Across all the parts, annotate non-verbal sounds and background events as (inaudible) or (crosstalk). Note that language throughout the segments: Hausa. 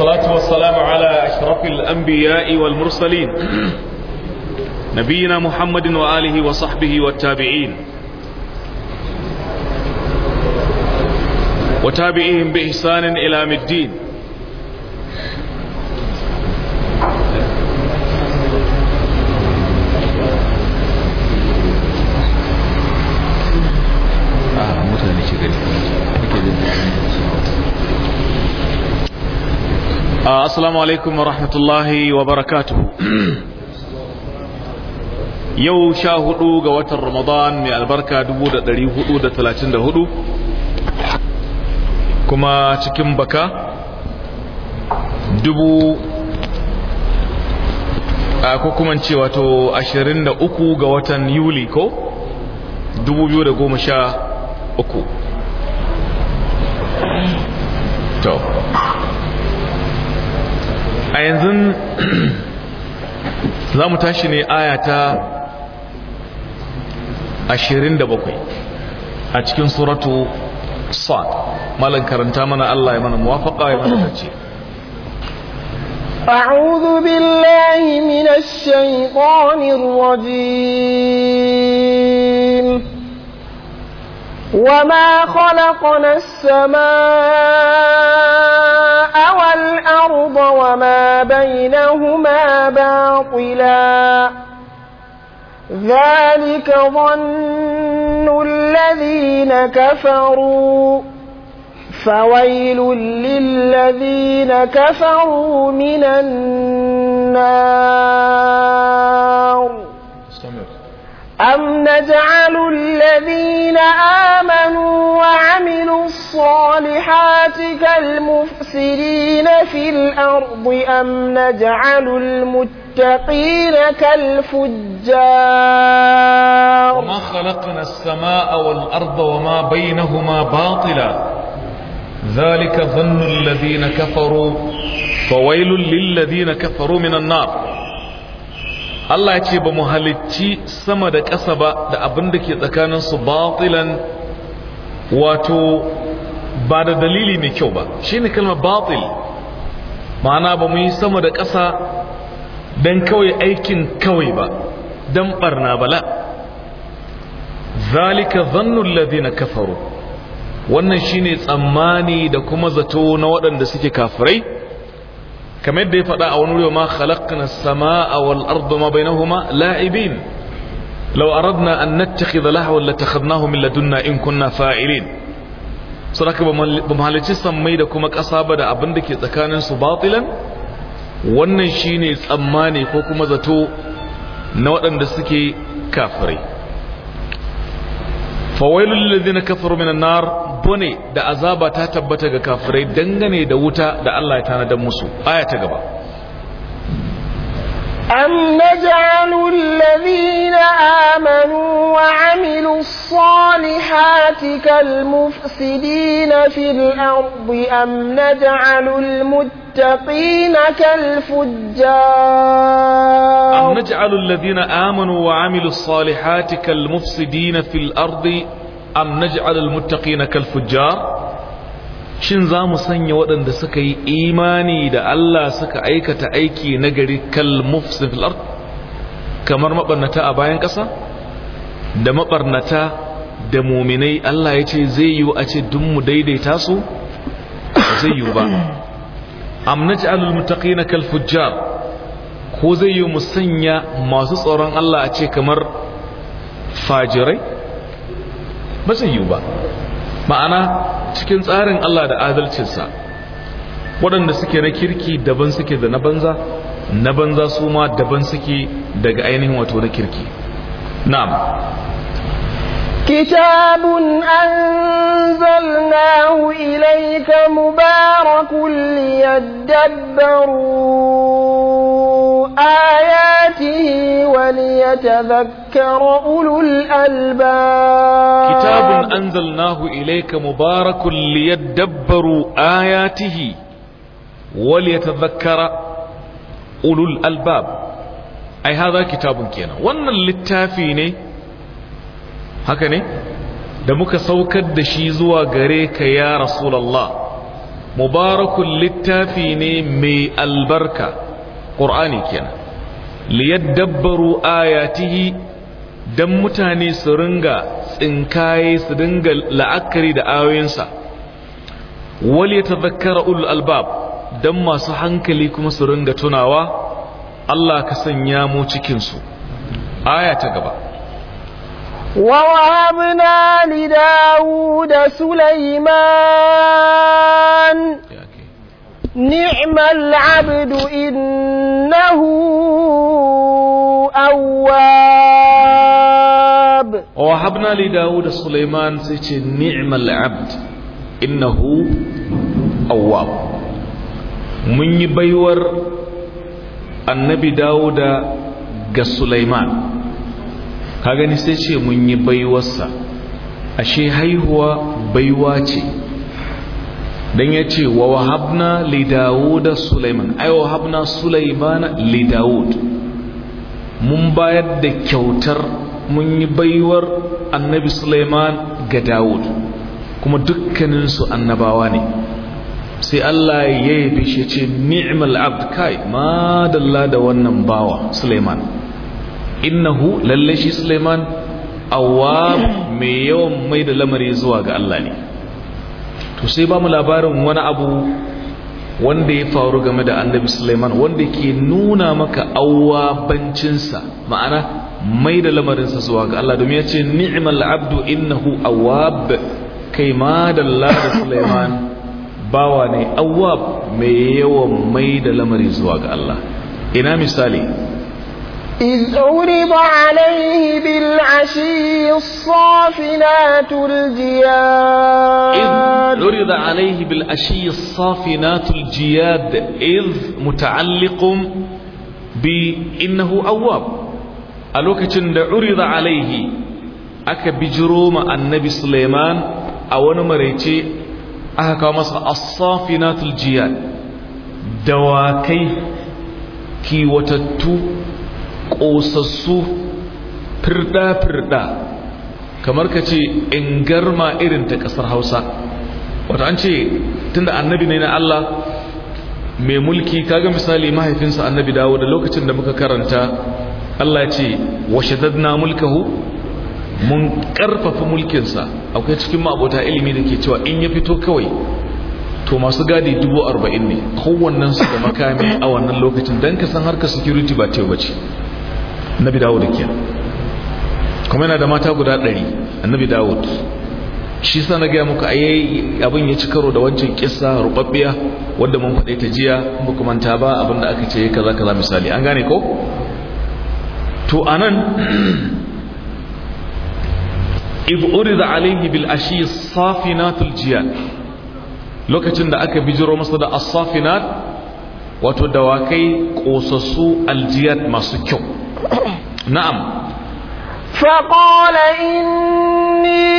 والصلاة والسلام على أشرف الأنبياء والمرسلين نبينا محمد وآله وصحبه والتابعين وتابعيهم بإحسان إلى مدين Uh, assalamu alaikum wa rahmatullahi wa barakatuhu (clears throat) yau sha hudu ga watan ramadan mai albarka 434 kuma cikin baka dubu uh, kuma ce wato 23 ga watan yuli ko 2013 to a yanzu (clears throat) za mu tashi ne ayata 27 a cikin suratu sad malan karanta mana Allah ya mana muwafaqa ya mana tace أعوذ بالله من الشيطان الرجيم وما خلقنا السماء والأرض وما بينهما باطلا ذلك ظن الذين كفروا فويل للذين كفروا من النار أم نجعل الذين آمنوا وعملوا الصالحات كالمفسدين في الأرض أم نجعل المتقين كالفجار وما خلقنا السماء والأرض وما بينهما باطلا ذلك ظن الذين كفروا فويل للذين كفروا من النار Allah ya ce ba mu halicci sama da ƙasa ba da abin da ke tsakaninsu batilan wato ba da dalili mai kyau ba shi ne kalmar batil ma'ana ba mu yi sama da ƙasa don kawai aikin kawai ba don ɓarna bala zalika zannun ladina kafaru wannan shine tsammani da kuma zato na waɗanda suke kafirai kamar yadda ya faɗa a wani wuri ma khalaqna samaa wal arda ma bainahuma la'ibin law aradna an nattakhidha lahwan latakhadnahu min ladunna in kunna fa'ilin sadaka ba mahalicci sammai da kuma ƙasa ba da abin da ke tsakanin su batilan wannan shine tsammani ko kuma zato na waɗanda suke kafirai fawailul ladina kafaru minan nar bone da azaba ta tabbata ga kafirai dangane da wuta da Allah ya tanadar musu aya ta gaba am naj'alu alladhina amanu wa 'amilus salihati kal mufsidina fil ardi am naj'alul muttaqina للمتقين كالفجار أم نجعل الذين آمنوا وعملوا الصالحات كالمفسدين في الأرض أم نجعل المتقين كالفجار shin za mu sanya waɗanda suka yi imani da Allah suka aikata aiki nagari kal fil'ar kamar maɓarnata a bayan ƙasa da maɓarnata da muminai Allah ya ce zai yiwu a ce dun mu daidaita su zai yiwu ba am naj'alul muttaqina kal fujjar ko zai yi musanya masu tsoron Allah a ce kamar fajirai ba zai yi ba ma'ana cikin tsarin Allah da adalcinsa waɗanda suke na kirki daban suke da na banza na banza su ma daban suke daga ainihin wato na kirki na'am كتاب أنزلناه إليك مبارك ليدبروا آياته وليتذكر أولو الألباب كتاب أنزلناه إليك مبارك ليدبروا آياته وليتذكر أولو الألباب أي هذا كتاب كينا وأن اللتافي haka ne da muka saukar da shi zuwa gare ka ya rasulallah mubarakun littafi ne mai albarka ƙur'ani kenan liyaddabbaru ayatihi don mutane su ringa tsinkaye su dinga la'akari da ayoyinsa wal ya tazakkara ul albab don masu hankali kuma su ringa tunawa Allah ka sanya mu cikinsu aya ta gaba ووهبنا لداود سليمان نعم العبد إنه أواب ووهبنا لداود سليمان سيتي نعم العبد إنه أواب من يبيور النبي داود سليمان ka gani sai ce mun yi baiwarsa ashe haihuwa baiwa ce dan ya ce wa wahabna li Suleiman, sulaiman ai wahabna sulaimana li dawud mun bayar da kyautar mun yi baiwar annabi Suleiman ga dawud kuma dukkaninsu annabawa ne sai Allah ya fi shi ce ni'mal abd kai ma dalla da wannan bawa Suleiman. innahu lalle shi Suleiman awwab mai yawan mai da lamari zuwa ga Allah ne to sai ba mu labarin wani abu wanda ya faru game da annabi Suleiman wanda ke nuna maka awabancinsa ma'ana mai da lamarinsa zuwa ga Allah domin ya ce ni'mal abdu innahu awwab kai ma da Suleiman bawa ne awwab mai yawan mai da lamari zuwa ga Allah ina misali إذ عرض عليه بالعشي الصافنات الجياد إذ عرض عليه بالعشي الصافنات الجياد إذ متعلق بإنه أواب ألوك تند عرض عليه أك بجروم النبي سليمان أول مريتي أهكا مصر الصافنات الجياد دواكي كي وتتو Ƙusassu firda-firda kamar ka ce in garma irin ta kasar hausa wata an ce tunda annabi ne na Allah mai mulki kaga misali mahaifinsa annabi dawo da lokacin da muka karanta Allah ce washe dadna mulkahu mun ƙarfafa mulkinsa akwai cikin ma'abota ilimi da ke cewa in ya fito kawai to masu gadi dubu arba'in ne kowannensu da makami a wannan lokacin don ka san harkar security ba ce annabi dawud ke kuma yana da mata guda ɗari annabi dawud shi sa na gaya muku ayi abin ya ci karo da wancan kisa, rubabbiya wadda mun faɗe ta jiya muku manta ba abin da aka ce kaza kaza misali an gane ko to anan (clears throat) idh urida alayhi bil ashi safinatul jiyan lokacin da aka bijiro masa da as-safinat wato dawakai kosassu aljiyat masu kyau (coughs) نعم فقال إني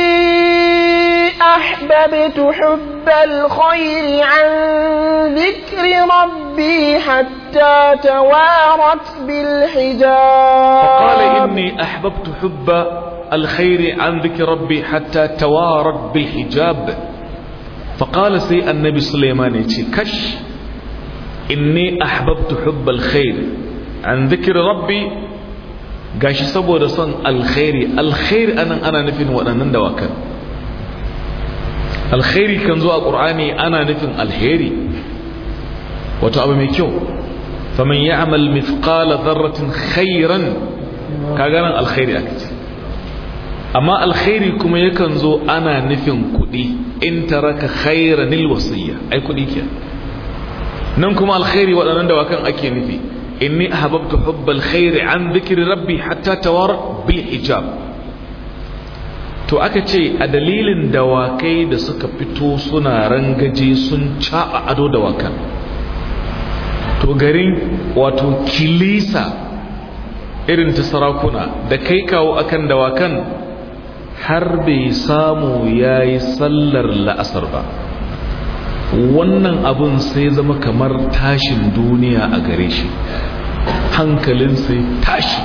أحببت حب الخير عن ذكر ربي حتى توارت بالحجاب فقال إني أحببت حب الخير عن ذكر ربي حتى توارت بالحجاب فقال سي النبي سليمان كش إني أحببت حب الخير عن ذكر ربي gashi saboda son alkhairi alkhairi anan ana nufin waɗannan dawakan alkhairi kan zo a ƙur'ani ana nufin alheri wato abu mai kyau faman ya'mal mithqala dharratin khairan kaga nan alkhairi aka ce amma alkhairi kuma yakan zo ana nufin kuɗi in taraka khairanil wasiyya ai kuɗi kenan nan kuma alkhairi waɗannan dawakan ake nufi inni ahbabtu hubbal khairi an dhikri rabbi hatta tawar bil hijab to aka ce a dalilin dawakai da suka fito suna rangaje sun caba ado dawakan to garin wato kilisa irin ta sarakuna da kai kawo akan dawakan har bai samu yayi sallar la'asar ba wannan abin sai zama kamar tashin duniya a gare shi hankalin sai tashi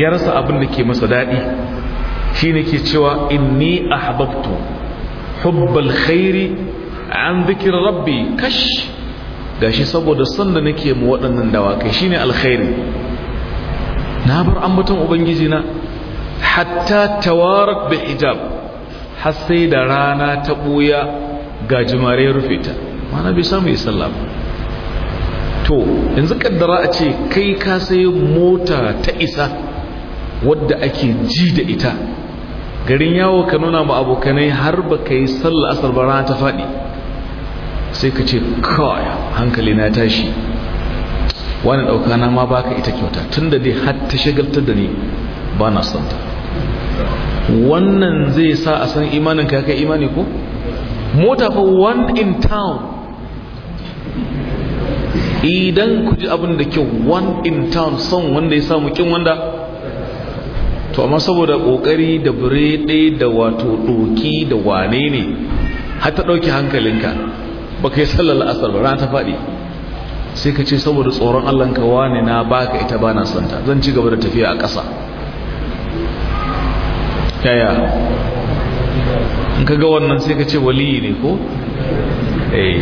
ya rasa abin da ke masa daɗi shi ne ke cewa inni ahbabtu hubbal khairi an zikin rabbi kash gashi saboda sanda da nake mu waɗannan dawakai shine alkhairi na bar ambaton ubangiji na hatta tawarat bi hijab har sai da rana ta ɓuya. gajimare ya rufe ta mana bai samu yi sallah ba to yanzu kaddara a ce kai ka sayi mota ta isa wadda ake ji da ita garin yawo ka nuna ma abokanai har ba ka yi sallah asar ba rana ta faɗi sai ka ce kawai hankali na tashi wani ɗauka na ma baka ita kyauta tun da dai har ta shagaltar da ni ba na son wannan zai sa a san imanin ka kai imani ko mota fa one in town idan ku ji abin da kyau one in town son wanda ya samu kin wanda to amma saboda kokari da birede da wato doki da wane ne har ta dauki hankalinka baka yi sallar asar ba rana ta faɗi sai ka ce saboda tsoron Allah ka wane na baka ita bana santa zan ci gaba da tafiya a ƙasa yaya in ka ga wannan sai ka ce waliyi ne ko eh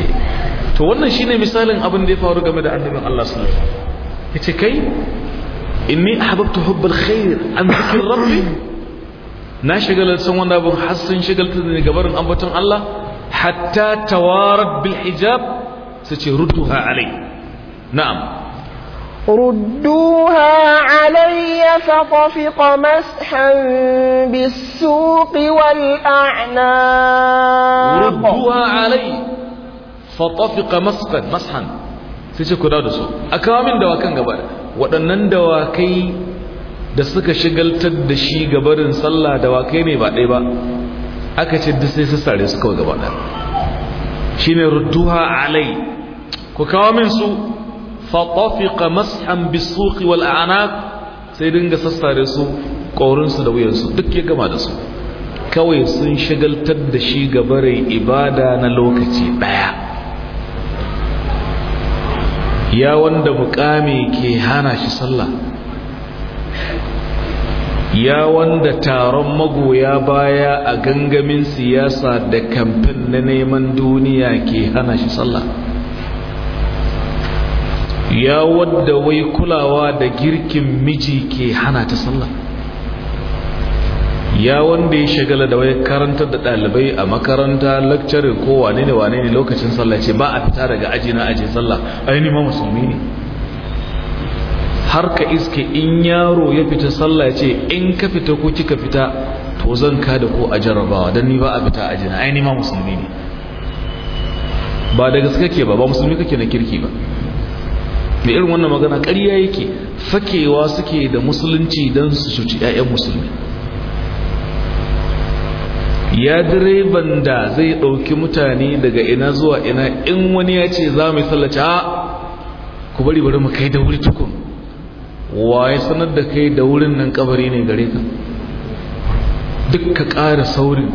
to wannan shine misalin abin da ya faru game da annabin Allah sallallahu alaihi wasallam yace kai inni ahbabtu hubbal khair an zikr rabbi na shigalar san wanda abin har sun ne da gabarin ambaton Allah hatta tawarat bil hijab sai ce alai na'am ردوها علي فطفق مسحا بالسوق والأعناق ردوها علي فطفق مسحا مسحا sai ku dawo da a kawo min dawakan gaba waɗannan dawakai da suka shigaltar da shi gabarin sallah ne ba ɗaya ba aka ce duk sai su su kawai gaba ɗaya shine rudduha alai ku kawo min su fatafiqa mas'an bisuqi wal sai dinga sassare su ƙorinsu da wuyansu duk ya gama da su kawai sun shagaltar da shi ga barin ibada na lokaci daya ya wanda mukami ke hana shi sallah ya wanda taron magoya baya a gangamin siyasa da kamfen na neman duniya ke hana shi sallah ya wadda wai kulawa da girkin miji ke hana ta sallah ya wanda ya shagala da wai karantar da ɗalibai a makaranta lakcarin ko wane ne wane ne lokacin sallah ce ba a fita daga aji na aji sallah aini ma musulmi ne har ka iske in yaro ya fita sallah ce in ka fita ko kika fita to zan ka da ko a jarrabawa don ni ba a fita aji na aini ma musulmi ne ba da gaske ke ba ba musulmi kake na kirki ba mai irin wannan magana ƙarya yake fakewa suke da musulunci don su cuci 'ya'yan musulmi ya direban da zai ɗauki mutane daga ina zuwa ina in wani ya ce za mu yi sallaci a ku bari bari mu kai da wuri tukun waye sanar da kai da wurin nan kabari ne gare ka duk ka ƙara saurin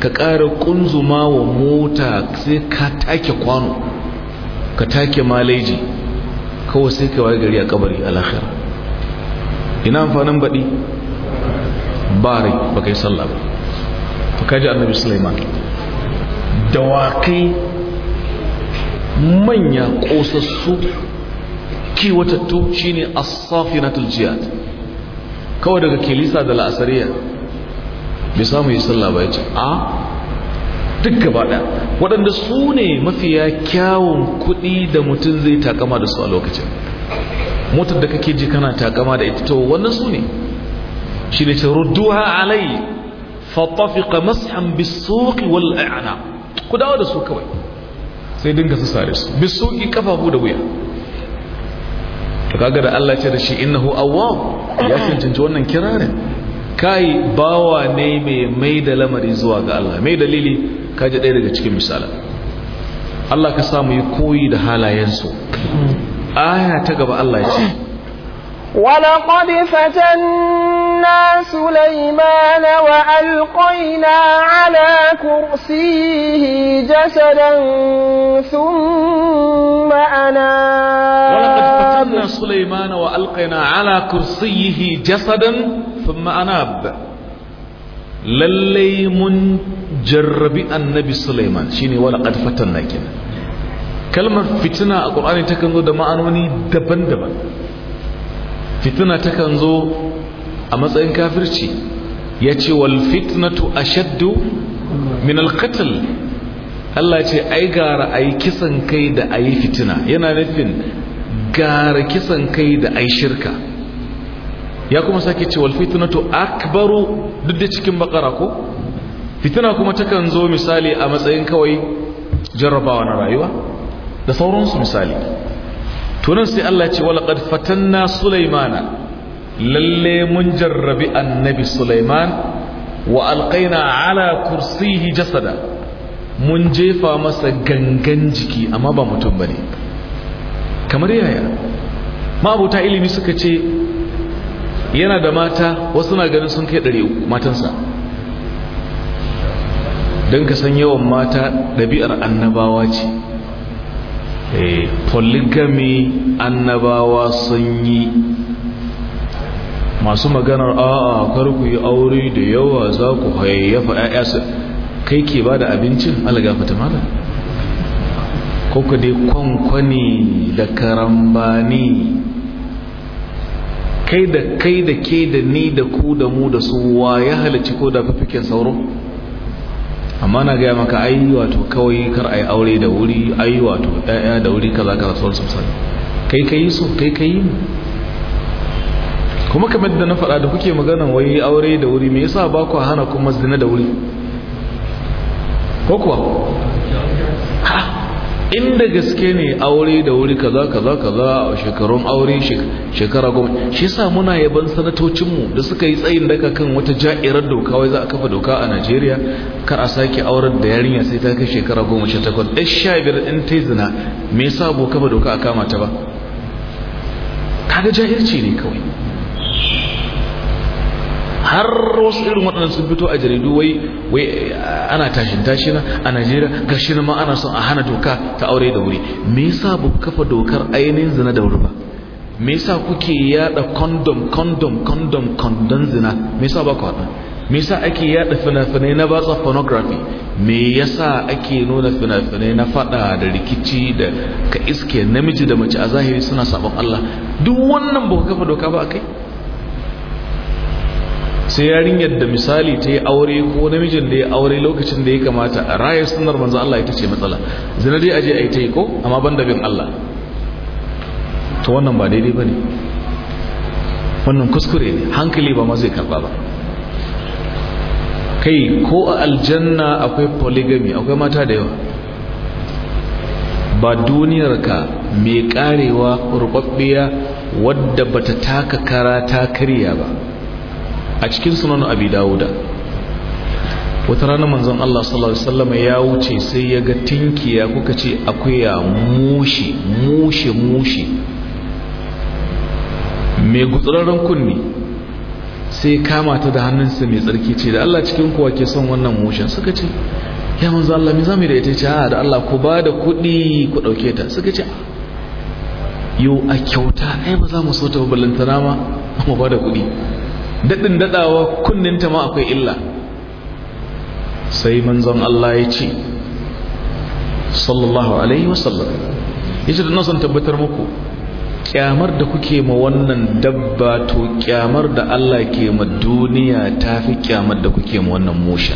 ka ƙara ƙunzuma wa mota sai ka take kwano ka take maleji kawai sai ka gari a kabari a ina amfanin baɗi bari ba kai sallah ba to annabi sulaiman dawakai manya kosassu kiwatattu shine a safinatul jihad kawai daga kilisa da la'asariya bai samu yi sallah ba ya ce a ah, duk gaba ɗaya waɗanda su ne mafiya kyawun kuɗi da mutum zai takama da su a lokacin motar da kake ji kana takama da ita to wannan su ne shi ne ce rudduha alai fatafiqa mashan bisuqi wal ku dawo da su kawai sai dinga su sare su bisuqi kafafu da wuya kaga da Allah ce da shi innahu awwab ya cancanci wannan kirarin kai bawa ne mai mai da lamari zuwa ga Allah mai dalili kaji ɗaya daga cikin misalan Allah ka samu yi koyi da halayensu aya ta gaba Allah ce ولقد فتنا سليمان وألقينا على كرسيه جسدا ثم أناب ولقد فتنا سليمان وألقينا على كرسيه جسدا ثم أناب lallai mun jarrabi annabi Sulaiman shine wala qad fatanna kina kalmar fitina a Qur'ani takan zo da ma'anoni daban-daban fitina takan zo a matsayin kafirci yace wal fitnatu ashaddu min al Allah ce ai gara ai kisan kai da ai fitina yana nufin gara kisan kai da ai shirka ya kuma sake ce wal fitnatu akbaru duk da cikin bakara ko fitina kuma takan zo misali a matsayin kawai jarrabawa na rayuwa da sauransu misali tunan sai Allah ce wal fatanna sulaimana lalle mun jarrabi annabi sulaiman wa alqaina ala kursiyi jasada mun jefa masa gangan jiki amma ba mutum bane kamar yaya ma'abuta ilimi suka ce yana da mata wasu na ganin sun kai ɗari matansa don ka san yawan mata ɗabi'ar annabawa ce eh, poligami annabawa sun yi masu maganar a'a kar ku yi aure da yawa za ku hayayyafa 'ya'ya su kai ke ba da abincin ga mala ko ku dai kwankwani da karambani kai da kai da ke da ni da ku da mu da su wa ya halarci ko da fifiken sauro amma na gaya maka ai wato kawai kar ai aure da wuri ai wato ɗaya da wuri kaza kaza sauran sosai kai ka yi so kai ka yi kuma kamar da na faɗa da kuke magana wai aure da wuri me yasa ba ku hana kuma zina da wuri ko kuwa inda gaske ne aure da wuri kaza kaza kaza a shekarun aure shekara goma shi sa muna yaban sanatocinmu da suka yi tsayin daka kan wata ja'irar doka wai za a kafa doka a najeriya kar a sake auren da yarinya sai ta kai shekara goma sha takwas ɗan sha biyar in ta zina me yasa bo kafa doka a kama ta ba kaga jahilci ne kawai har wasu irin waɗanda sun fito a jaridu wai eh, ana tashin tashi na a Najeriya gashi na ma ana son a hana doka ta aure da wuri me yasa ba kafa dokar ainihin zina da wuri ba me yasa kuke yada condom condom condom condom zina me yasa ba ku me yasa ake yada fina-finai na batsa pornography me yasa ake nuna fina-finai na fada da rikici da ka iske namiji da mace a zahiri suna sabon Allah duk wannan ba ku kafa doka ba a kai. sai yarinyar da misali ta yi aure ko namijin da ya aure lokacin da ya kamata a raya sunar manzan Allah ita ce matsala zina dai aje a yi ta yi ko amma ban da bin Allah to wannan ba daidai ba ne wannan kuskure ne hankali ba ma zai ba kai ko a aljanna akwai polygamy akwai mata da yawa ba ka mai karewa rubabbiya wadda bata taka kara ta karya ba a cikin sunan abi dawuda wata rana manzon Allah sallallahu alaihi wasallam ya wuce sai ya ga tinkiya kuka ce akwai ya mushi mushi mushi mai gutsuraren kunni sai kama ta da hannunsa mai tsarki ce da Allah cikin kowa ke son wannan mushin suka ce ya manzo Allah me zamu da ita ce ah, da Allah ku ba da kuɗi ku ɗauke ta suka ce yau a kyauta ai ba za mu so ta ballantana ma mu ba da kuɗi daɗin daɗawa kunninta ma akwai illa sai manzon Allah ya ce sallallahu alaihi wasallam ya ce da nasan tabbatar muku kyamar da kuke ma wannan dabba to kyamar da Allah ke ma duniya ta fi kyamar da kuke ma wannan musha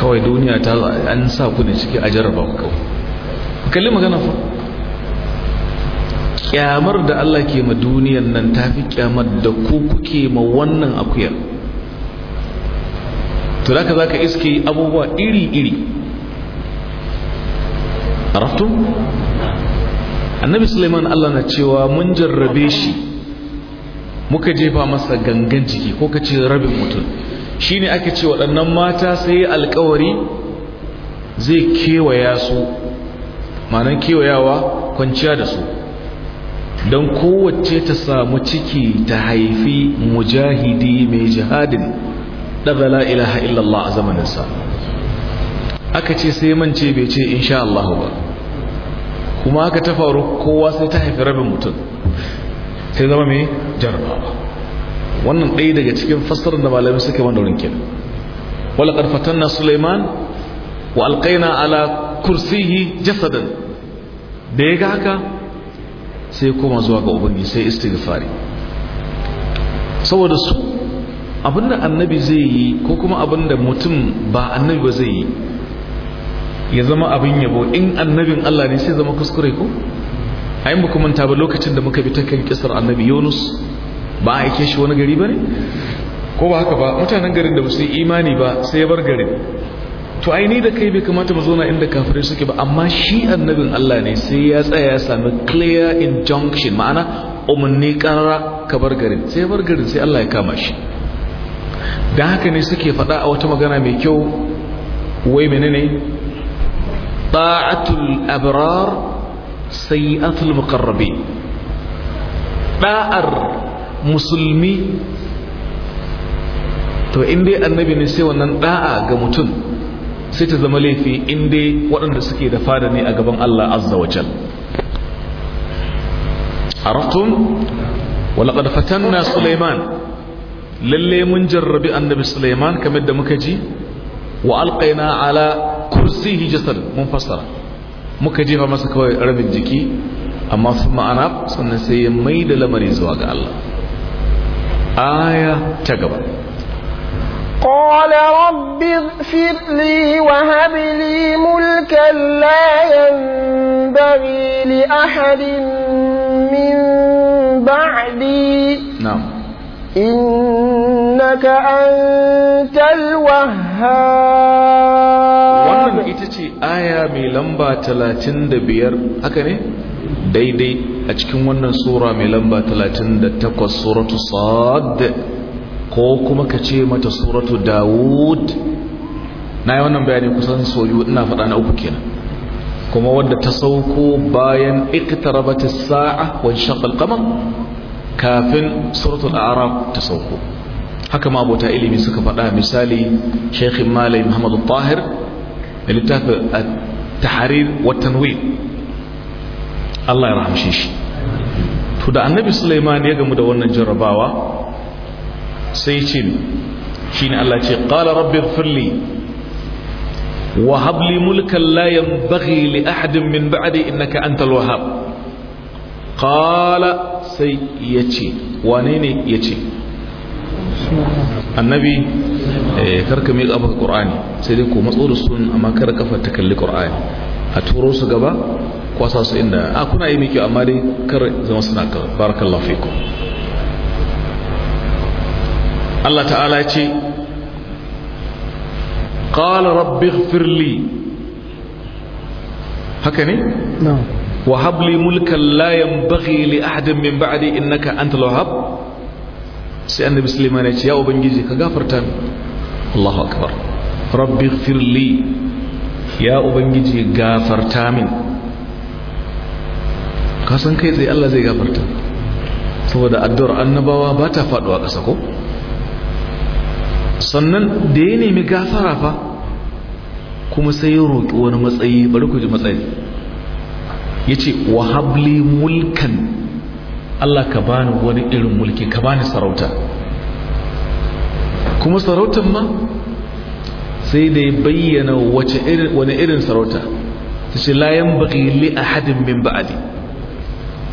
kawai duniya ta an sa ku ne ciki a jarraba kawai kalli magana fa kyamar da Allah ke ma duniyar nan ta fi kyamar da ku kuke ma wannan akuyar to da ka za ka iske abubuwa iri-iri araftum annabi suleiman Allah na cewa mun jarrabe shi muka jefa masa gangan jiki ko ka ce rabin mutum shine ake ce waɗannan mata sai alkawari zai kewaya su Manan kewayawa kwanciya da su don kowace ta samu ciki ta haifi mujahidi mai jihadin daga la ilaha illallah a zamaninsa aka ce sai mance bai ce insha Allah ba kuma aka ta faru kowa sai ta haifi rabin mutum sai zama mai jarabawa wannan ɗaya daga cikin fassarar da malamai suke wanda wurin kenan wala karfatan na suleiman wa alƙaina ala kursihi jasadan da ya ga haka sai koma zuwa ga ubangi sai istighfari saboda su abinda annabi zai yi ko kuma abinda mutum ba annabi ba zai yi ya zama abin yabo in annabin Allah ne sai zama kuskure ko ayin ba kuma ba lokacin da muka bi ta kan kisar annabi Yunus ba a aike shi wani gari ba ne ko ba haka ba mutanen garin da ba su yi imani ba sai ya bar garin to aini da kai bai kamata mu zauna inda kafirai suke ba amma shi annabin Allah ne sai ya tsaya ya sami clear injunction ma'ana umarni karara ka bar garin sai bar garin sai Allah ya kama shi da haka ne suke faɗa a wata magana mai kyau wai menene ta'atul abrar sayyi'atul muqarrabin da'ar musulmi to in annabi ne sai wannan da'a ga mutum sai ta zama laifi in dai waɗanda suke da fada ne a gaban Allah azza wa jal araftum walaqad fatanna sulaiman lalle mun jarrabi annabi sulaiman kamar da muka ji wa alqaina ala kursihi jasad mun fassara muka jefa masa kawai rabin jiki amma sun ma'ana sannan sai ya mai da lamari zuwa ga Allah aya ta gaba قال رب اغفر لي وهب لي ملكا لا ينبغي لأحد من بعدي نعم إنك أنت الوهاب وانا ايتتي آية مي لمبا تلاتين بير أكري دي دي اجكم سورة مي لمبا تلاتين دا سورة صاد ko kuma ka ce mata suratu dawud na yi wannan bayani kusan soyu ina faɗa na uku kenan kuma wadda ta sauko bayan iqtarabat as-sa'a wa shaqqal qamar kafin suratul a'raf ta sauko haka ma abota ilimi suka faɗa misali shaykhin malai muhammad tahir da littafin at-tahrir wa Allah ya rahamshe shi to da annabi Sulaiman ya gamu da wannan jarrabawa sai ce shi ne Allah ce ƙala rabbi firli wa habli mulkan la li ahadin min ba'di innaka antal wahhab qala sai yace wane ne yace annabi eh, karka mai kafa qur'ani sai dai ko matso da sun amma kar kafa ta kalli qur'ani a turo su gaba kwasa su inda a ah, kuna yi miki amma dai kar zama suna ka barakallahu fikum Allah ta'ala ce qala rabbi firli haka ne na'am wa hab li mulkan la yanbaghi li ahadin min ba'di innaka antal wahhab sai an annabi sulaiman ya ce ya ubangiji ka gafarta min Allahu akbar rabbi firli ya ubangiji gafarta min ka san kai tsaye Allah zai gafarta saboda addu'ar annabawa ba ta faduwa ƙasa ko sannan da ya nemi gafara fa kuma sai ya roƙi wani matsayi bari ku ji matsayi ya ce wahabli mulkan Allah ka bani wani irin mulki ka bani sarauta kuma sarautan ma sai da ya bayyana wani irin sarauta ta ce layan baƙi li a hadin min ba'adi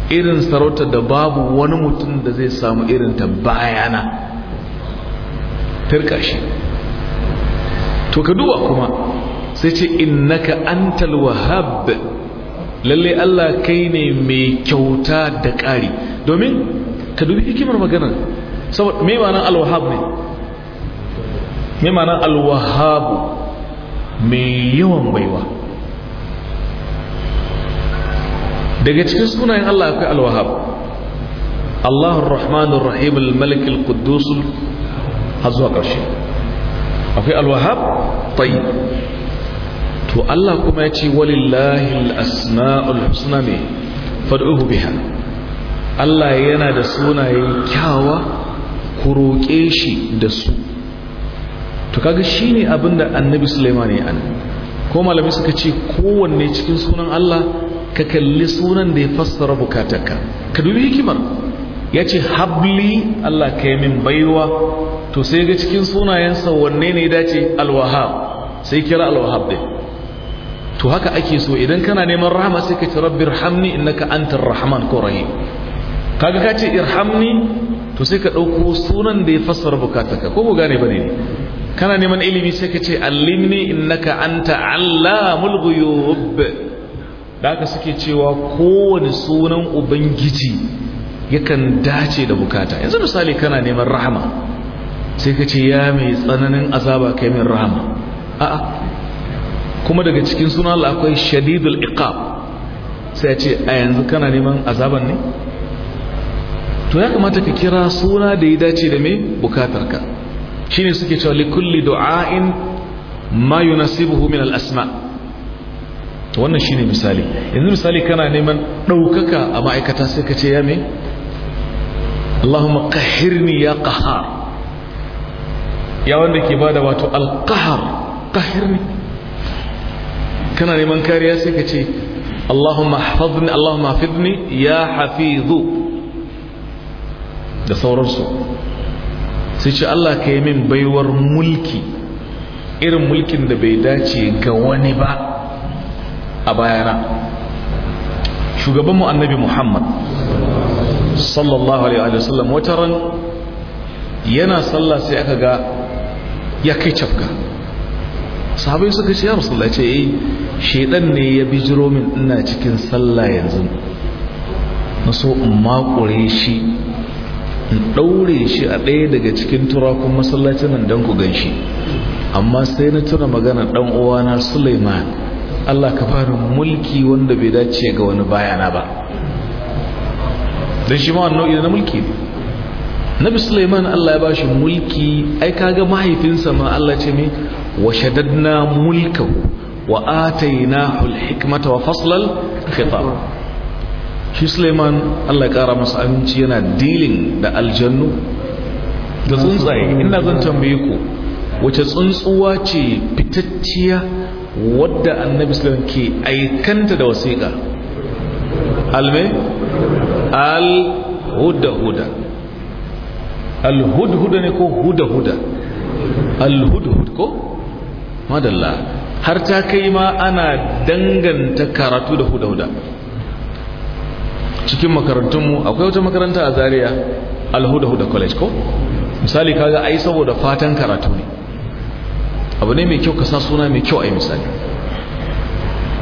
irin sarauta da babu wani mutum da zai samu irinta bayana tarka shi to ka duba kuma sai ce innaka antal wahab lalle Allah kai ne mai kyauta da ƙari domin ka dubi hikimar magana saboda me ma'anar al wahab ne me ma'anar al-wahhab mai yawan baiwa daga cikin sunayen Allah akwai al wahab Allahur Rahmanur Rahim al-Malik al-Quddus har zuwa ƙarshe akwai alwahab tayi to Allah kuma ya ce walillahi al husna ne fad'uhu biha Allah yana da sunaye kyawa ku roƙe shi da su to kaga shi shine abinda annabi Suleiman ya an ko malami suka ce kowanne cikin sunan Allah ka kalli sunan da ya fassara bukatarka ka dubi hikimar ya ce habli Allah ka yi min baiwa to sai ga cikin sunayensa wanne ne dace alwahab sai kira alwahab din to haka ake so idan kana neman rahama sai ka ce rabbi irhamni innaka antar rahman ko rahim kaga ka ce irhamni to sai ka dauko sunan da ya fassara bukatarka ko mu gane bane ne kana neman ilimi sai ka ce allimni innaka anta allamul ghuyub da haka suke cewa kowane sunan ubangiji yakan dace da bukata yanzu misali kana neman rahama sai ka ce ya mai tsananin azaba kai min rahama a'a kuma daga cikin sunan Allah akwai shadidul iqab sai ya ce a yanzu kana neman azaban ne to ya kamata ka kira suna da ya dace da me bukatarka shine suke cewa li kulli du'ain ma yunasibuhu min al-asma to wannan shine misali yanzu misali kana neman daukaka a ma'aikata sai ka ce ya mai Allahumma qahhirni ya qahhar ya wanda ke bada wato al-qahar qahhirni kana neman kariya sai ka ce Allahumma hafidhni Allahumma hafidhni ya hafizu da sauransu sai ce Allah ka yi min baiwar mulki irin mulkin da bai dace ga wani ba a bayana mu annabi Muhammad sallallahu alaihi wasallam wata ran yana sallah sai aka ga ya kai cafka sahabai suka ce ya rasulullah ce eh shedan ne ya bijiro min ina cikin sallah yanzu na so in makure shi in ɗaure shi a ɗaya daga cikin turakun masallacin nan don ku ganshi amma sai na tuna magana ɗan uwana Sulaiman Allah ka fara mulki wanda bai dace ga wani bayana ba don shi ma nau'i na mulki ne. nabi suleiman allah ya ba shi mulki ai kaga mahaifinsa ma allah ce mai wa shadadna mulkahu wa atainahu alhikmata wa faslal khitab shi suleiman allah ya kara masa aminci yana dealing da aljannu da tsuntsaye ina zan tambaye ku wace tsuntsuwa ce fitacciya wadda annabi suleiman ke aikanta da wasiƙa alme al-hudda-huda al-hudda-huda ne ko huda-huda al-hudda-huda ko? madalla har ta kai ma ana danganta karatu da huda-huda cikin makarantunmu akwai wata makaranta a zariya al-huda-huda college ko? misali kaga ai saboda fatan karatu ne abu ne mai kyau ka sa suna mai kyau ai misali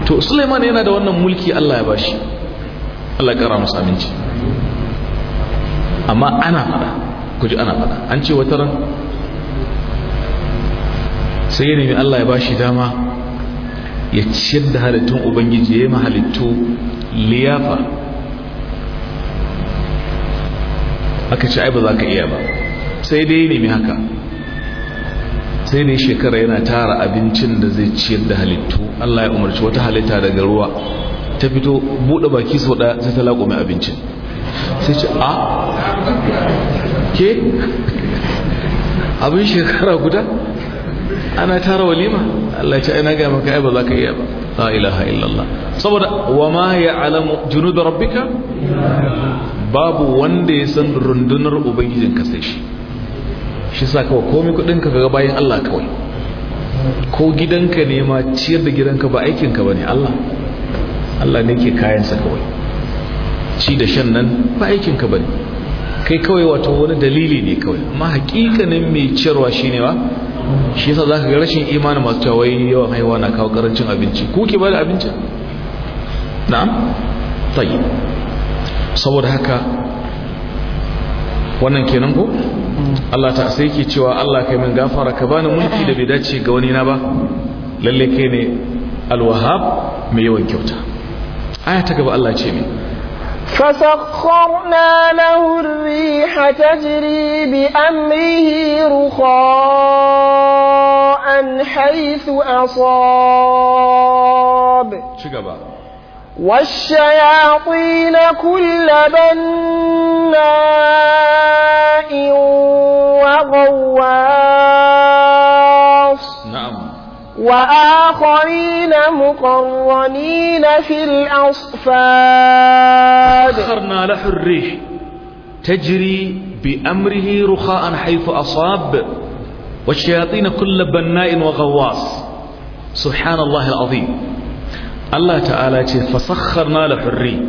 to suleiman yana da wannan mulki allah ya bashi Allah kara musu aminci amma ana fada ji ana fada an ce wata ran sai ya nemi Allah ya bashi dama ya ciyar da halittun ubangiji ya yi halittu liyafa aka ce ai ba za ka iya ba sai dai ya nemi haka sai ne shekara yana tara abincin da zai ciyar da halittu Allah ya umarci wata halitta daga ruwa ta fito buɗe baki sau ɗaya sai ta mai abincin sai ce a ke abin shekara guda ana tara walima Allah ce na ga maka ai ba za ka iya ba la ilaha illallah saboda wa ma ya'lamu junud rabbika babu wanda ya san rundunar ubangijin ka sai shi shi sa kawai komai kudin ka ga bayan Allah kawai ko gidanka ne ma ciyar da gidanka ba aikin ka bane Allah Allah ne ke kayansa kawai ci da shan nan ba aikin ka bane kai kawai wato wani dalili ne kawai amma hakikanin mai ciyarwa shine wa shi yasa zaka ga rashin imani masu cewa wai yawan haihuwa na kawo karancin abinci ku ke bada abinci na'am tayi saboda haka wannan kenan ko Allah ta sai ke cewa Allah kai min gafara ka bani mulki da bai dace ga wani na ba lalle kai ne alwahab mai yawan kyauta aya ta gaba فسخرنا له الريح تجري بأمره رخاء حيث أصاب والشياطين كل بناء وغواب وآخرين مقرنين في الأصفاد أخرنا له الريح تجري بأمره رخاء حيث أصاب والشياطين كل بناء وغواص سبحان الله العظيم الله تعالى فسخرنا له الريح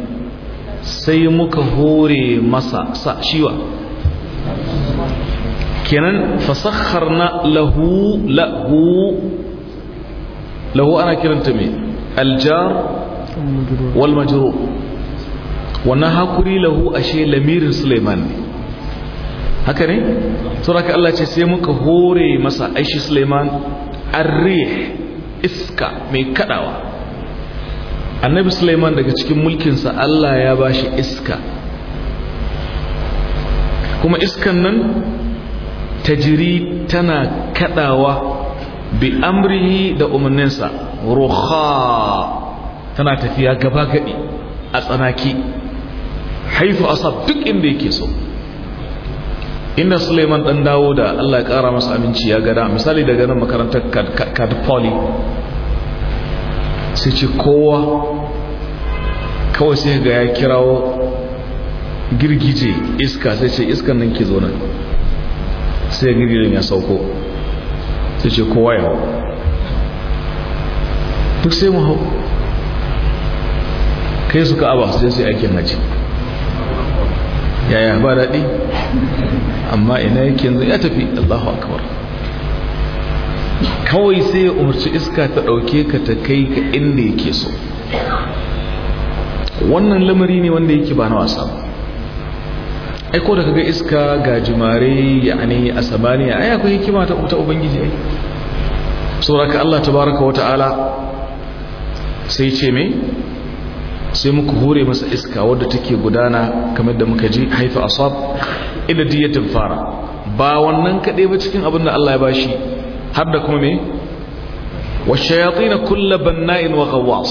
سيمك هوري مسا شيوا كنن فسخرنا له له lahu ana kiranta mai aljar wal wannan hakuri lahu ashe lamirin suleiman ne haka ne saboda Allah ce sai muka hore masa aishi suleiman arrih iska mai kadawa annabi suleiman daga cikin mulkinsa Allah ya bashi iska kuma iskan nan tajiri tana kadawa bi amrihi da umarninsa ruha tana tafiya gaba gadi a tsanaki haifu asab duk inda yake so inda suleiman ɗan dawo da allah ya kara masa aminci ya gada misali daga nan makarantar kadpoli sai ce kowa kawai sai ga ya kirawo girgije iska sai ce iskan nan ke zo nan sai girgijen ya sauko sai ce kowa ya hau duk sai mu hau kai suka aba sai sai aikin haji yaya ba daɗi amma ina yake yanzu ya tafi allahu akbar kawai sai ya umarci iska ta ɗauke ka ta kai ka inda yake so wannan lamari ne wanda yake ba na wasa ba ai ko da kaga iska ga jimare yani a samaniya ai akwai hikima ta ta ubangiji ai sauraka Allah tabaraka wata'ala sai ce me sai muku hore masa iska wadda take gudana kamar da muka ji haifa asab ila diyatin fara ba wannan kaɗai ba cikin abin da Allah ya bashi har da kuma me washayatin kullu banna'in wa ghawwas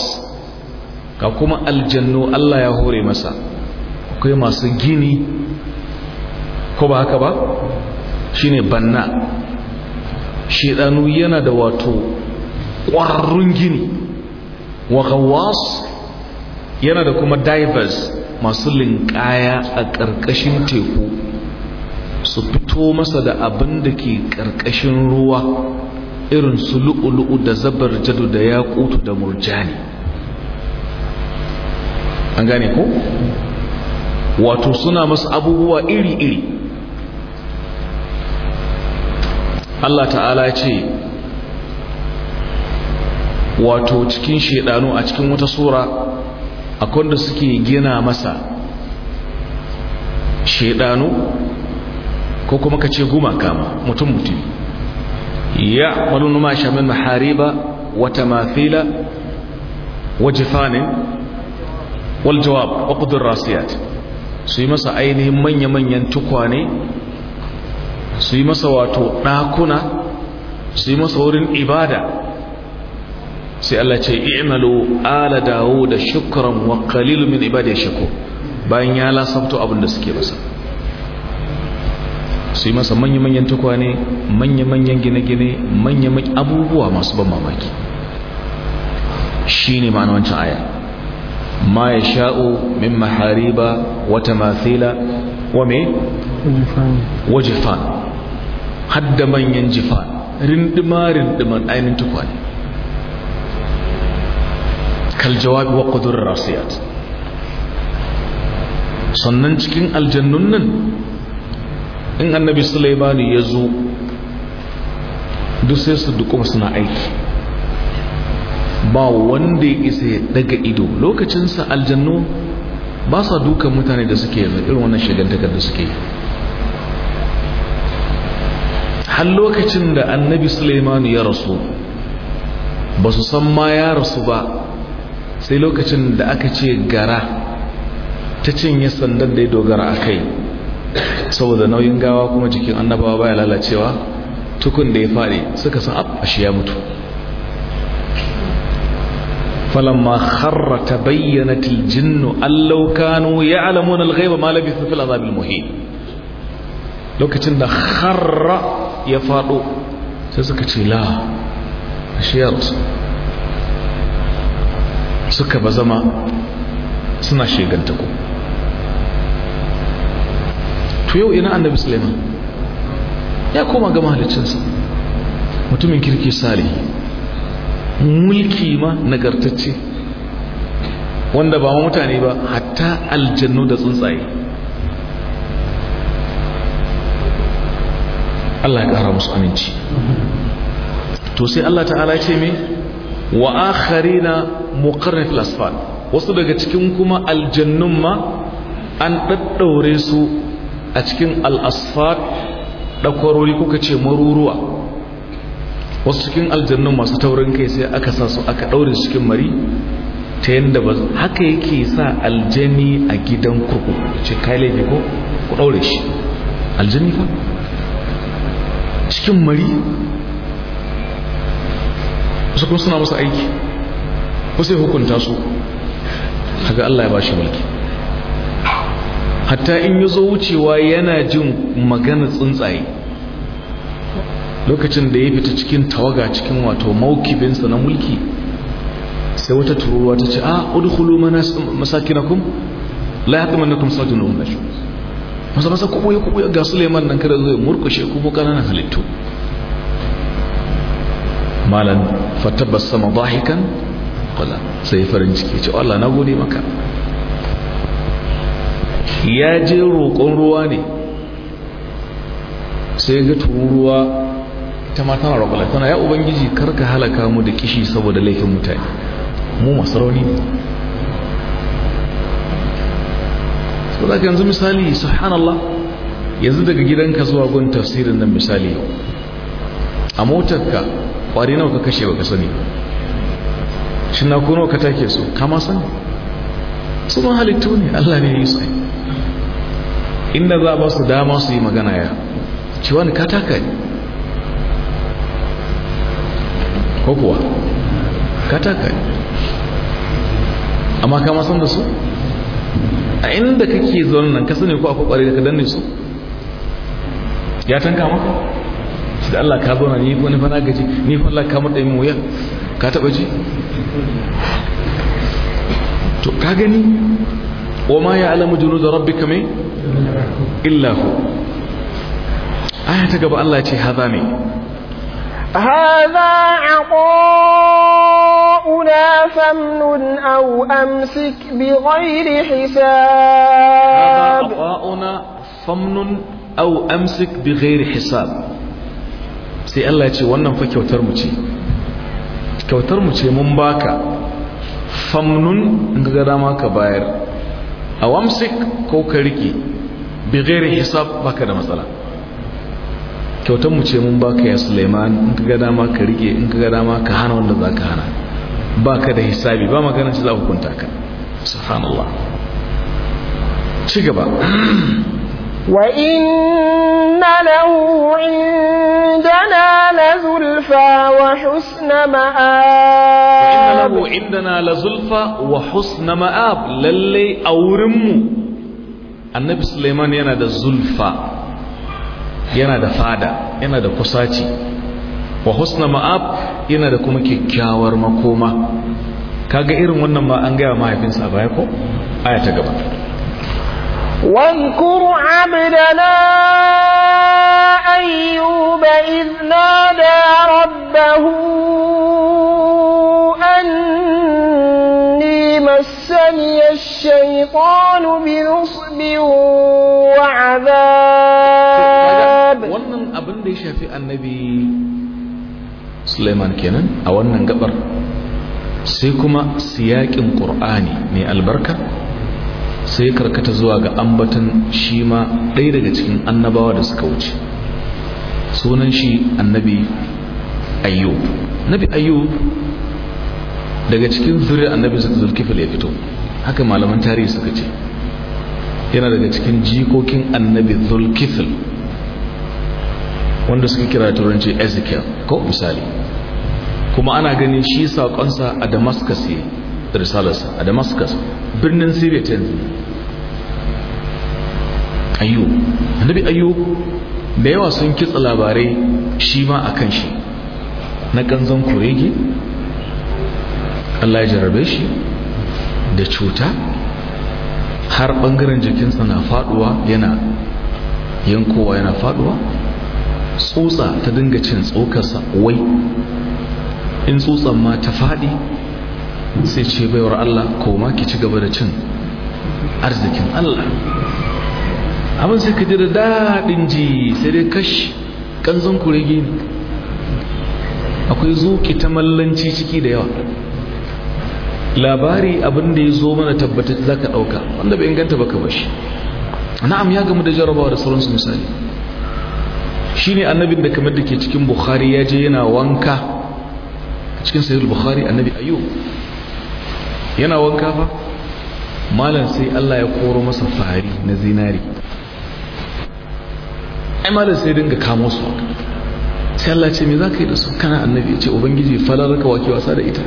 kuma aljannu Allah ya hore masa akwai masu gini ko ba haka ba shi shine banna shedanu yana da wato ƙwararrun gini wa yana da kuma divers masu linƙaya a ƙarƙashin teku su fito masa da abin da ke ƙarƙashin ruwa irin su lu'ulu'u da zabar jadu da yakutu da murjani an gane ko wato suna masu abubuwa iri-iri Allah ta'ala ya ce wato cikin shedanu a cikin wata sura akwai da suke gina masa shedanu ko kuma ka ce gumaka kama, mutum mutum ya malunu ma shamin mahariba wata mafila wajifanin waljawab wa rasiyat su yi masa ainihin manya-manyan tukwane su yi masa wato ɗakuna su yi masa wurin ibada sai Allah ce i'malu ala dawo da shukran wa kalilu min ya shako bayan ya lasafto abin suke masa su yi masa manya-manyan tukwane manya-manyan gine-gine manya-manyan abubuwa masu ban mamaki shi ne ma'ana aya ma ya sha'o min mahariba wata mafila, wa me? wajifan hadda manyan jifa rindima rindiman ainihin tukwane kal jawabi wa ƙudurin rasiyat sannan cikin aljannun nan in annabi sulaimani ya zo duk sai su dukuma suna aiki ba wanda ya isa ya daga ido lokacinsa aljannu ba sa dukan mutane da suke irin wannan shigantakar da suke yi har lokacin da annabi suleiman ya rasu ba su san ma ya rasu ba sai lokacin da aka ce gara ta cinye sandan da ya dogara a kai saboda nauyin gawa kuma jikin annabawa baya lalacewa tukun da ya faɗi suka san ab ashe ya mutu فلما خر تبينت الجن أن لو كانوا يعلمون الغيب ما لبثوا في العذاب المهين لو كتن ya faɗo sai suka ce la shiyarsu suka ba zama suna shiganta to yau ina annabi suleiman ya koma ga mahalicinsa mutumin kirki sale, mulki ma nagartacce wanda ba mutane ba hatta aljannu da tsuntsaye Allah ya ƙara musu aminci to sai Allah ta'ala ce me wa na muqarraf asfal wasu daga cikin kuma aljannun ma an ɗaɗɗaure su a cikin al ɗakwarori kuka ce maruruwa wasu cikin aljannun masu taurin kai sai aka sa su aka ɗaure su cikin mari ta yadda ba haka yake sa aljani a gidan kurkuku ce kailai laifi ko ku ɗaure shi aljani fa cikin mari su kuma suna masa aiki ko sai hukunta su haga Allah ya ba shi mulki hatta in yi zo wucewa yana jin magana tsuntsaye lokacin da ya fita cikin tawaga cikin wato maukibinsa na mulki sai wata tururuwa ta ce a ah, hulu masakinakun la ya yahtamannakum da umar masa-masa kuma ya kuma ga suleiman nan kada zai murkushe kuma kananan halittu malan fatabbas sama dahikan kwallon sai farin ciki ce Allah na gode maka ya je roƙon ruwa ne sai ga ruwa ita ma tana roƙon ya ubangiji karka halaka mu da kishi saboda laifin mutane mu masarauni ne so zaka yanzu misali subhanallah yanzu daga gidanka zuwa gun tafsirin nan misali a motarka kwari nawa ka kashe baka sani Shin na kuno ka take su ma sani su ma halittu ne Allah ne yi sai inda za ba su dama su yi magana ya ci wani ka taka ne ko kuwa ka taka ne amma ma san da su a inda kake zaune nan ka sani ko akwai kwarai da ka danne su ya tanka maka shi da Allah ka zauna ni ko ni fa na gaji ni fa Allah ka mu dai wuya ka taba ji to ka gani wa ma ya'lamu junud rabbika min illa hu aya ta gaba Allah ya ce hadha ne هذا عطاؤنا فمن أو أمسك بغير حساب هذا عطاؤنا فمن أو أمسك بغير حساب سي الله يتي وانا فكيو ترمتي كيو ترمتي منباكا فمن نغداما كباير أو أمسك كوكريكي بغير حساب بكذا مثلا kyautar mu ce mun baka ya Suleiman in ka ga dama ka rike in ka ga dama ka hana wanda za ka hana baka da hisabi ba maganar shi za hukunta ka subhanallah ci gaba (clears throat) wa inna lahu indana lazulfa wa husna ma'ab inna lahu indana lazulfa wa husna ma'ab lalle a wurinmu, mu annabi Suleiman yana da zulfa yana da fada yana da kusaci wa husna ma'ab yana da kuma kyakkyawar makoma kaga irin wannan ba an gaya mahaifinsa baya ko aya ta gaba واذكر عبدنا أيوب إذ نادى ربه أني مسني الشيطان بنصب وعذاب wannan abin da ya shafi annabi Sulaiman kenan a wannan gabar sai kuma siyakin Qur'ani mai albarka sai karkata zuwa ga ambatan shi ma ɗaya daga cikin annabawa da suka wuce sunan shi annabi ayyub nabi ayyub daga cikin zuriyar annabi zulkifil ya fito haka malaman tarihi suka ce yana daga cikin jikokin annabi zulkifil wanda suka kira turanci ezekiel ko misali kuma ana ganin shi saƙonsa a damascus ya risalarsa a damascus birnin syria ta yanzu ayyu annabi ayyu da yawa sun kitsa labarai shi ma a kan shi na ƙanzon kuregi allah ya jarabe shi da cuta har bangaren jikinsa na faduwa yana yankowa yana faduwa tsutsa ta dinga cin tsokarsa wai in tsutsan ma ta fadi sai ce baiwar Allah koma ki ci gaba da cin arzikin Allah abin sai ka jira da daɗin ji sai dai kashi kanzon kurege akwai zuƙi ta mallanci ciki da yawa labari abin da ya zo mana tabbatar za ka ɗauka wanda bai inganta ba ka bashi na'am ya gamu da jarabawa da sauransu misali shi ne annabin da kamar da ke cikin bukhari ya je yana wanka cikin sayar bukhari annabi ayo yana wanka fa malam sai allah ya koro masa fari na zinari ai malam sai dinga kamo su sai allah ce me za ka yi da su kana annabi ya ce ubangiji falarka wake wasa da ita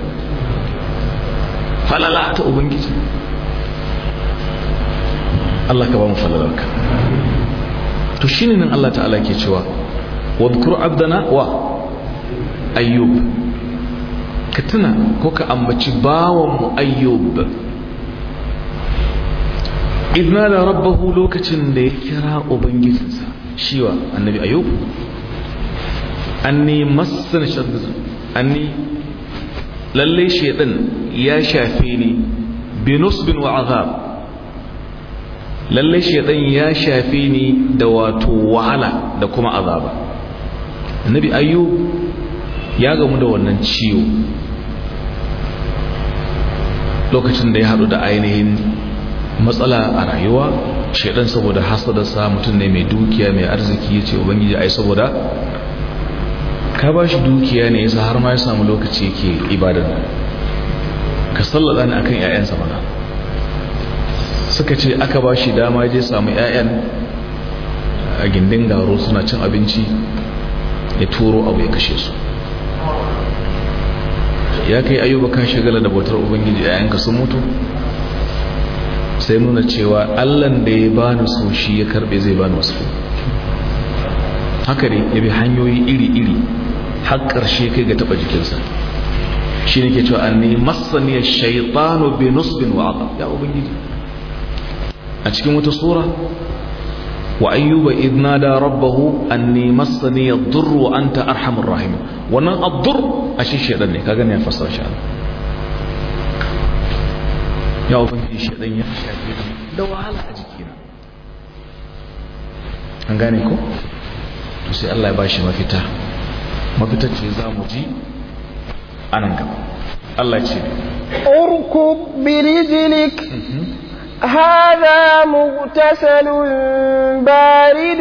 falala ta ubangiji Allah ka ba mu falalarka to shine nan Allah ta'ala ke cewa wadhkur abdana wa ayyub ka tuna ko ka ambaci bawan mu ayyub idna da rabbahu lokacin da ya kira ubangijinsa shiwa annabi ayyub anni massan an anni lalle shedan ya shafe ni bi wa azab lalle shedan ya shafe ni da wato wahala da kuma azaba annabi ayyub ya gamu da wannan ciwo lokacin da ya hadu da ainihin matsala a rayuwa shedan saboda hasadarsa mutum ne mai dukiya mai arziki ya ce ubangiji ai saboda ka ba shi dukiya ne yasa har ma ya samu lokaci yake ibadar ka sallada ni akan ƴaƴansa mana suka ce aka ba shi dama je samu ƴaƴan a gindin garo suna cin abinci ya turo abu ya kashe su ya kai ayyuba kan shagala da bautar ubangiji ƴaƴanka sun mutu sai nuna cewa allan da ya bani so shi ya karbe zai bani wasu haka ne ya bi hanyoyi iri-iri har ƙarshe kai ga taɓa jikinsa shi ne ke cewa anni masaniya shaitanu bi nusbin wa ata ya ubangiji a cikin wata sura wa ayyuba idh nada rabbahu anni masani ad-dur wa anta arhamur rahim wannan ad-dur shi shedan ne kaga ne ya fassara shi ya ubangiji shedan ya shafe da wahala a jikina an gane ko to sai Allah ya bashi mafita mafita ce za mu ji anan gaba Allah ce urkub bi rijlik هذا مغتسل بارد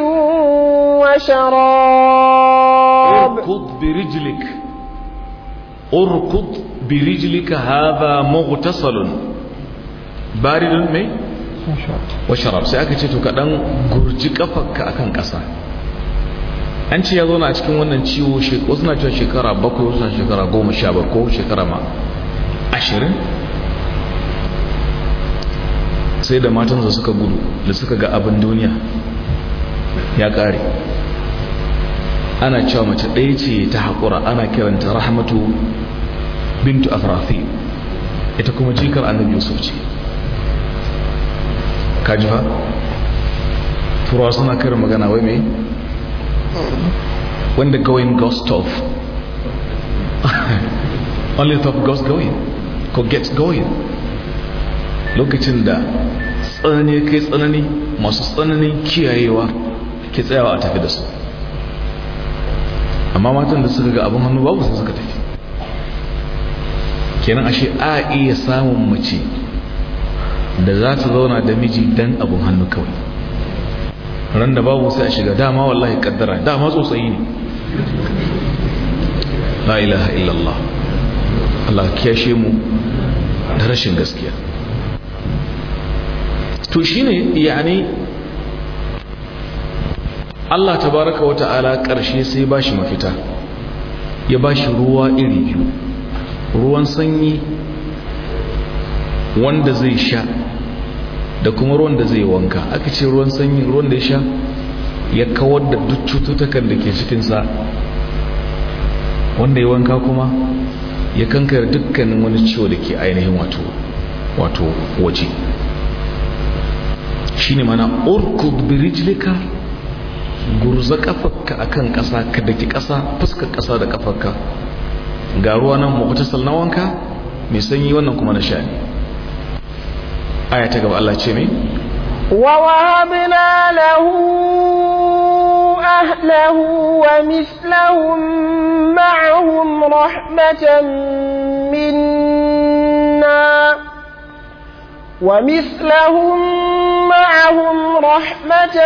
وشراب اركض برجلك اركض برجلك هذا baridun mai مي وشراب sai aka ce to kaɗan gurji kafarka akan ƙasa an ce ya zauna a cikin wannan ciwo wasu na cewa shekara bakwai wasu na shekara goma sha bakwai ko shekara ma ashirin sai da matansa suka gudu da suka ga abin duniya ya kare ana cewa mace ɗaya ce ta haƙura ana kiranta rahmatu bintu afrafi ita kuma jikar annabi yusuf ce kajifa turawa suna karin magana wai mai when the going goes tough. (laughs) Only tough goes going, ko gets going. Lokacin da tsanani kai tsanani masu tsananin kiyayewa ke tsayawa a tafi da su. Amma matan da suka ga abin hannu babu sai suka tafi. Kenan ashe a iya samun mace da za ta zauna da miji dan abin hannu kawai. ran da babu sai a shiga dama wallahi kaddara dama tsotsayi ne la ilaha illallah Allah kiyashe mu da rashin gaskiya to shine yani Allah tabaraka wa ta'ala karshe sai bashi mafita ya bashi ruwa iri biyu ruwan sanyi wanda zai sha da kuma ruwan da zai wanka aka ce ruwan sanyi ruwan da ya sha ya kawar da duk cututtukan da ke cikinsa wanda ya wanka kuma ya kankar dukkanin wani ciwo da ke ainihin wato wato waje ne mana urkud birijilika gurza kafarka a kan ƙasa ka daki ƙasa fuskar kasa da kafarka ga ruwa nan na wanka mai sanyi wannan kuma na sha ne aya ta gaba Allah ce mai ووهبنا له أهله ومثلهم معهم رحمة منا ومثلهم معهم رحمة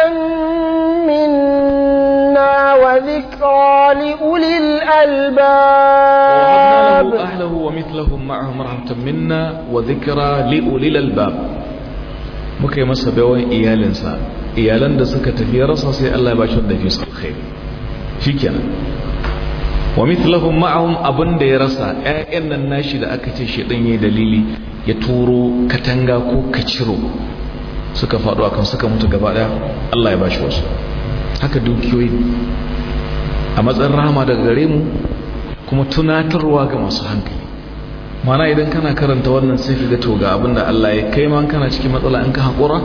منا وذكرى لأولي الألباب وهبنا له أهله ومثلهم معهم رحمة منا وذكرى لأولي الألباب muka yi masa baiwan iyalinsa iyalan da suka tafi rasa sai Allah ya bashi wanda fi su alkhairi shikenan wa mithlahum ma'ahum abin da ya rasa ƴaƴan nan nashi da aka ce shedan yayi dalili ya turo katanga ko kaciro suka faɗo akan suka mutu gaba ɗaya Allah ya bashi wasu haka dukiyoyi a matsayin rama daga gare mu kuma tunatarwa ga masu hankali mana idan kana karanta wannan sai ga to ga abinda Allah ya kai man kana cikin matsala in ka hakura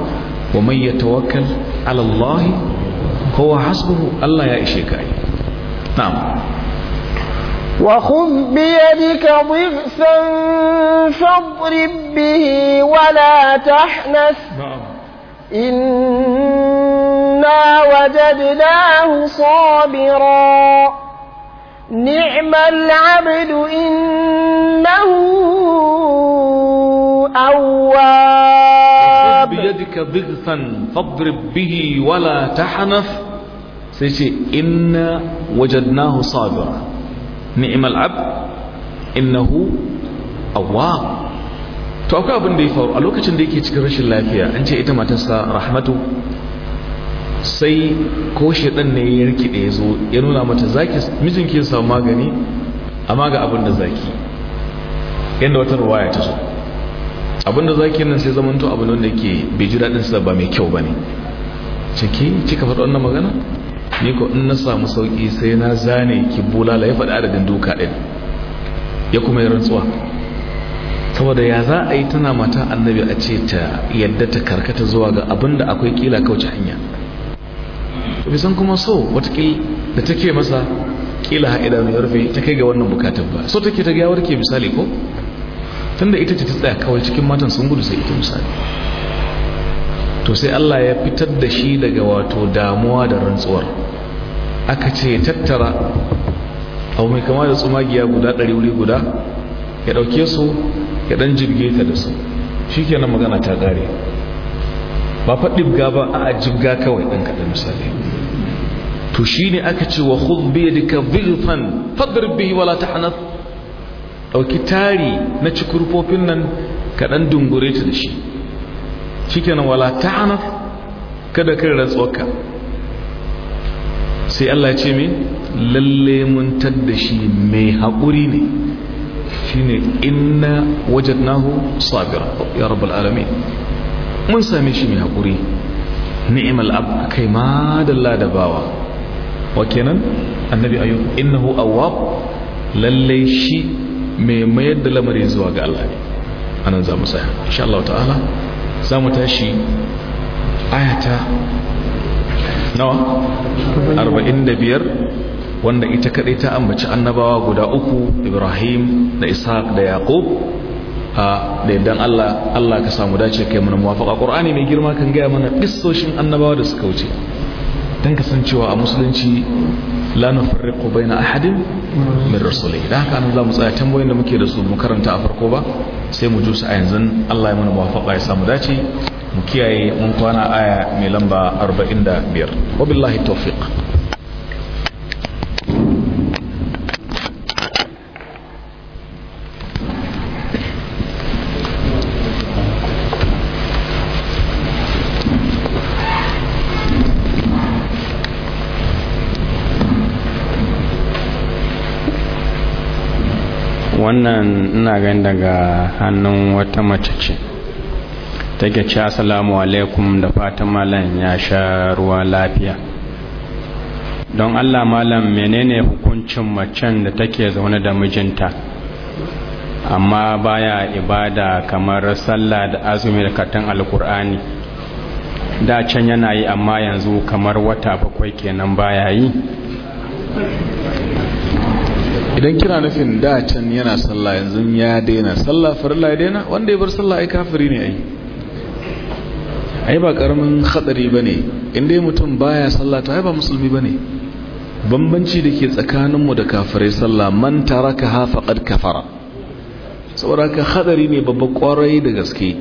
wa man yatawakkal ala Allah huwa hasbuhu Allah ya ishe ka na'am وخذ بيدك ضغثا فاضرب به ولا تحنث إنا وجدناه صابرا نعم العبد إنه أواب بيدك ضغثا فاضرب به ولا تحنف سيشي إن وجدناه صابرا نعم العبد إنه أواب to akwai abin da ya faru a lokacin da yake cikin rashin lafiya an ce ita matarsa rahmatu sai ko shaɗan ne ya rikide ya zo ya nuna mata zaki mijinki ya samu magani amma ga abin da zaki yadda wata ruwaya ta zo abin da zaki nan sai zamanto abin wanda ke bai ji daɗin sa ba mai kyau ba ne ciki cika faɗa wannan magana ni ko in na samu sauƙi sai na zane ki bulala ya faɗi adadin duka ɗin ya kuma yi rantsuwa saboda ya za a yi tana mata annabi a ce ta yadda ta karkata zuwa ga abin da akwai kila kauce hanya bai san kuma so watakil da take masa kila haida ne rufe ta kai ga wannan bukatar ba so take ta ga warke misali ko tunda ita ce ta tsaya kawai cikin matan sun gudu sai ita misali to sai Allah ya fitar da shi daga wato damuwa da rantsuwar aka ce tattara abu mai kama da tsumagiya guda ɗari wuri guda ya ɗauke su ya ɗan jirge ta da su shi kenan magana ta ƙare ba faɗi ga ba a jibga kawai ɗan kaɗan misali to shine aka ce wa khudh bi yadika dhilfan fadrib bihi wala tahnat tari na cikurfofin nan kaɗan dan dungure ta da shi cikin wala tahnat kada kai ratsuwarka sai Allah ya ce me lalle mun tadda shi mai haƙuri ne shine inna wajadnahu sabira ya rabbal alamin mun same shi mai haƙuri ni'imal abu kai ma da bawa wa kenan annabi ayyub innahu awwab lalle shi mai mayar da lamarin zuwa ga Allah ne anan za mu sa insha Allah ta'ala za mu tashi ayata nawa 45 wanda ita kadai ta ambaci annabawa guda uku Ibrahim da Ishaq da Yaqub a da idan Allah Allah ka samu dace kai mana muwafaqa Qur'ani mai girma kan gaya mana kissoshin annabawa da suka wuce don cewa a musulunci lanar farko bai na ahadin min rasuli da haka nan za mu tsaya tambayin da muke da su mu karanta a farko ba sai mu jusa a yanzu allah ya mana mawafaka ya samu dace mu kiyaye mun kwana aya mai lamba 45 wabillahi tawfiq wannan ina gan daga hannun wata mace ce take ce assalamu alaikum da fatan malam ya sha ruwa lafiya don allah malam menene hukuncin macen da take zaune da mijinta amma baya ibada kamar sallah da azumi da katon alkur'ani da can yana yi amma yanzu kamar wata bakwai kenan baya yi idan kina nufin da yana sallah yanzu ya daina sallah farilla ya daina wanda ya bar sallah ai kafiri ne ai ai ba karamin hadari bane inda mutum baya sallah ta ai ba musulmi bane bambanci da ke mu da kafirai sallah man taraka ha faqad kafara saboda ka hadari ne babba kwarai da gaske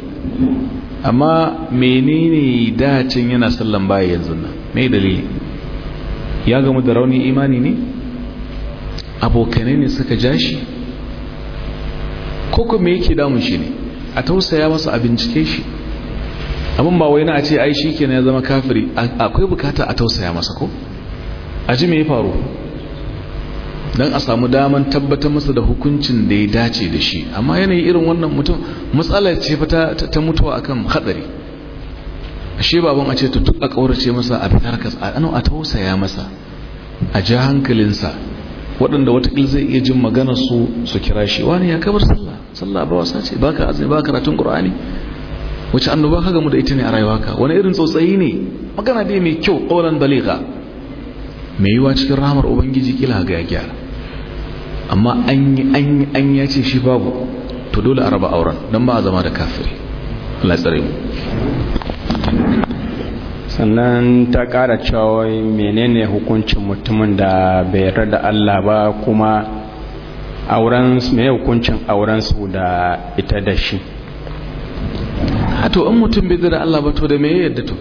amma menene dacin yana sallan baya yanzu nan me dalili ya gamu da rauni imani ne abokanai ne suka ja shi ko kuma yake damun shi ne a tausaya masa a bincike shi abin ba wai na a ce ai shi kenan ya zama kafiri akwai bukata a tausaya masa ko a ji me faru don a samu daman tabbatar masa da hukuncin da ya dace da shi amma yanayi irin wannan mutum matsalar ce fa ta mutuwa akan hadari ashe baban a ce ta a kaurace masa a fitar ka a tausaya masa a ji hankalinsa waɗanda watakil zai iya jin magana su su kira shi wani ya kabar sallah sallah ba wasa ce baka azumi ba karatun qur'ani wace annoba ka gamu da ita ne a rayuwa ka wani irin tsotsayi ne magana dai mai kyau qawlan baligha mai yiwa cikin rahmar ubangiji kila ga ya gyara amma an yi an yi an ya ce shi babu to dole a raba auren don ba a zama da kafiri Allah tsare mu sannan ta ƙara cewa menene hukuncin mutumin da bai yarda da Allah ba kuma auren mai hukuncin auren su da ita da shi to in mutum bai da Allah ba to da me yadda to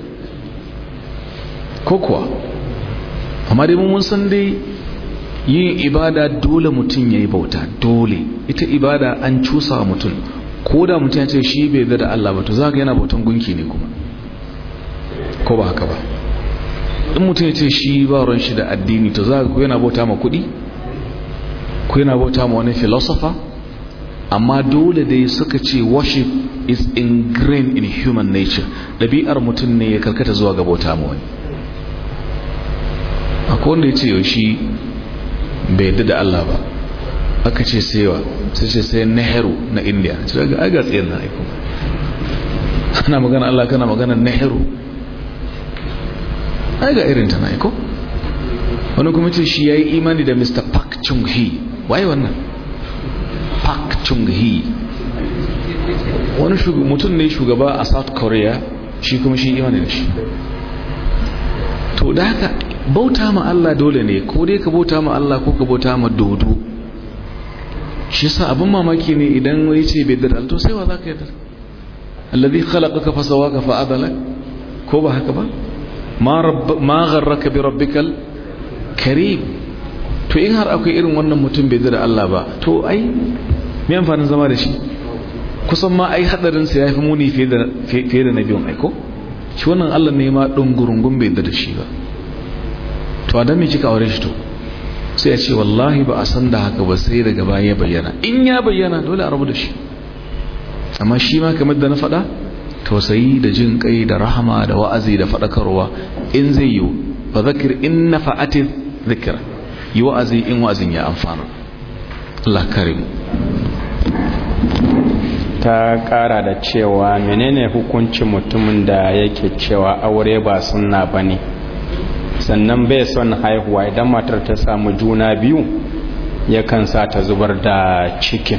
ko kuwa amma dai mun san dai yin ibada dole mutum yayi bauta dole ita ibada an cusa mutum ko da mutum ya ce shi bai da Allah ba to zaka yana bautan gunki ne kuma ko ba haka ba in mutum ya ce shi ba ruwan shi da addini to za ku yana bauta ma kuɗi ku yana bauta ma wani filosofa amma dole dai suka ce worship is ingrained in human nature ɗabi'ar mutum ne ya karkata zuwa ga bauta ma wani akwai wanda ya ce shi bai yadda da Allah ba aka ce saiwa sai ce sai nehru na india ci daga aga tsayin na aiko ana magana Allah kana magana nehru ai ga irin ta na ko wani kuma ce shi ya yi imani da mr park chung hee waye wannan park chung hee wani mutum ne shugaba a south korea shi kuma shi imani da shi to da haka bauta ma Allah dole ne ko dai ka bauta ma Allah ko ka bauta ma dodo shi sa abin mamaki ne idan wani ce bai dada to sai wa za ka yi dara ka khalaqaka fasawaka fa'adala ko ba haka ba ma رب ما غرك بربك rabbikal to in har akwai irin wannan mutum bai da Allah ba to ai me amfanin zama da shi kusan ma ai hadarin sa yafi muni fiye da fiye da shi wannan Allah ne ma dungurungun bai da shi ba to adam me kika aure shi to sai ya ce wallahi ba a san da haka ba sai daga baya ya bayyana in ya bayyana dole a rabu da shi amma shi ma kamar da na faɗa tausayi da jin kai da rahama da wa'azi da faɗakarwa in zai yiwu fa zakir in nafa'atin zikr yi wa'azi in wa'azin ya amfana Allah karim ta ƙara da cewa menene hukuncin mutumin da yake cewa aure ba sunna bane sannan bai son haihuwa idan matar ta samu juna biyu yakan sa ta zubar da cikin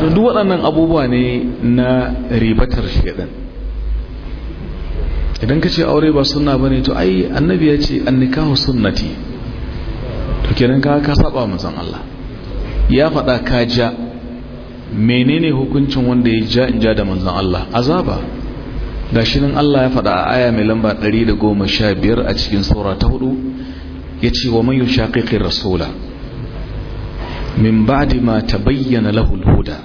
wato duk waɗannan abubuwa ne na ribatar shaidan idan ka ce aure ba suna ba ne, to ai annabi ya ce annikahu sunnati to kenan ka ka saba manzon Allah ya faɗa ka ja menene hukuncin wanda ya ja in ja da manzon Allah azaba Da nan Allah ya faɗa a aya mai lamba 115 a cikin saura ta ya yace wa man yushaqiqir rasula min ba'di ma ta bayyana al-huda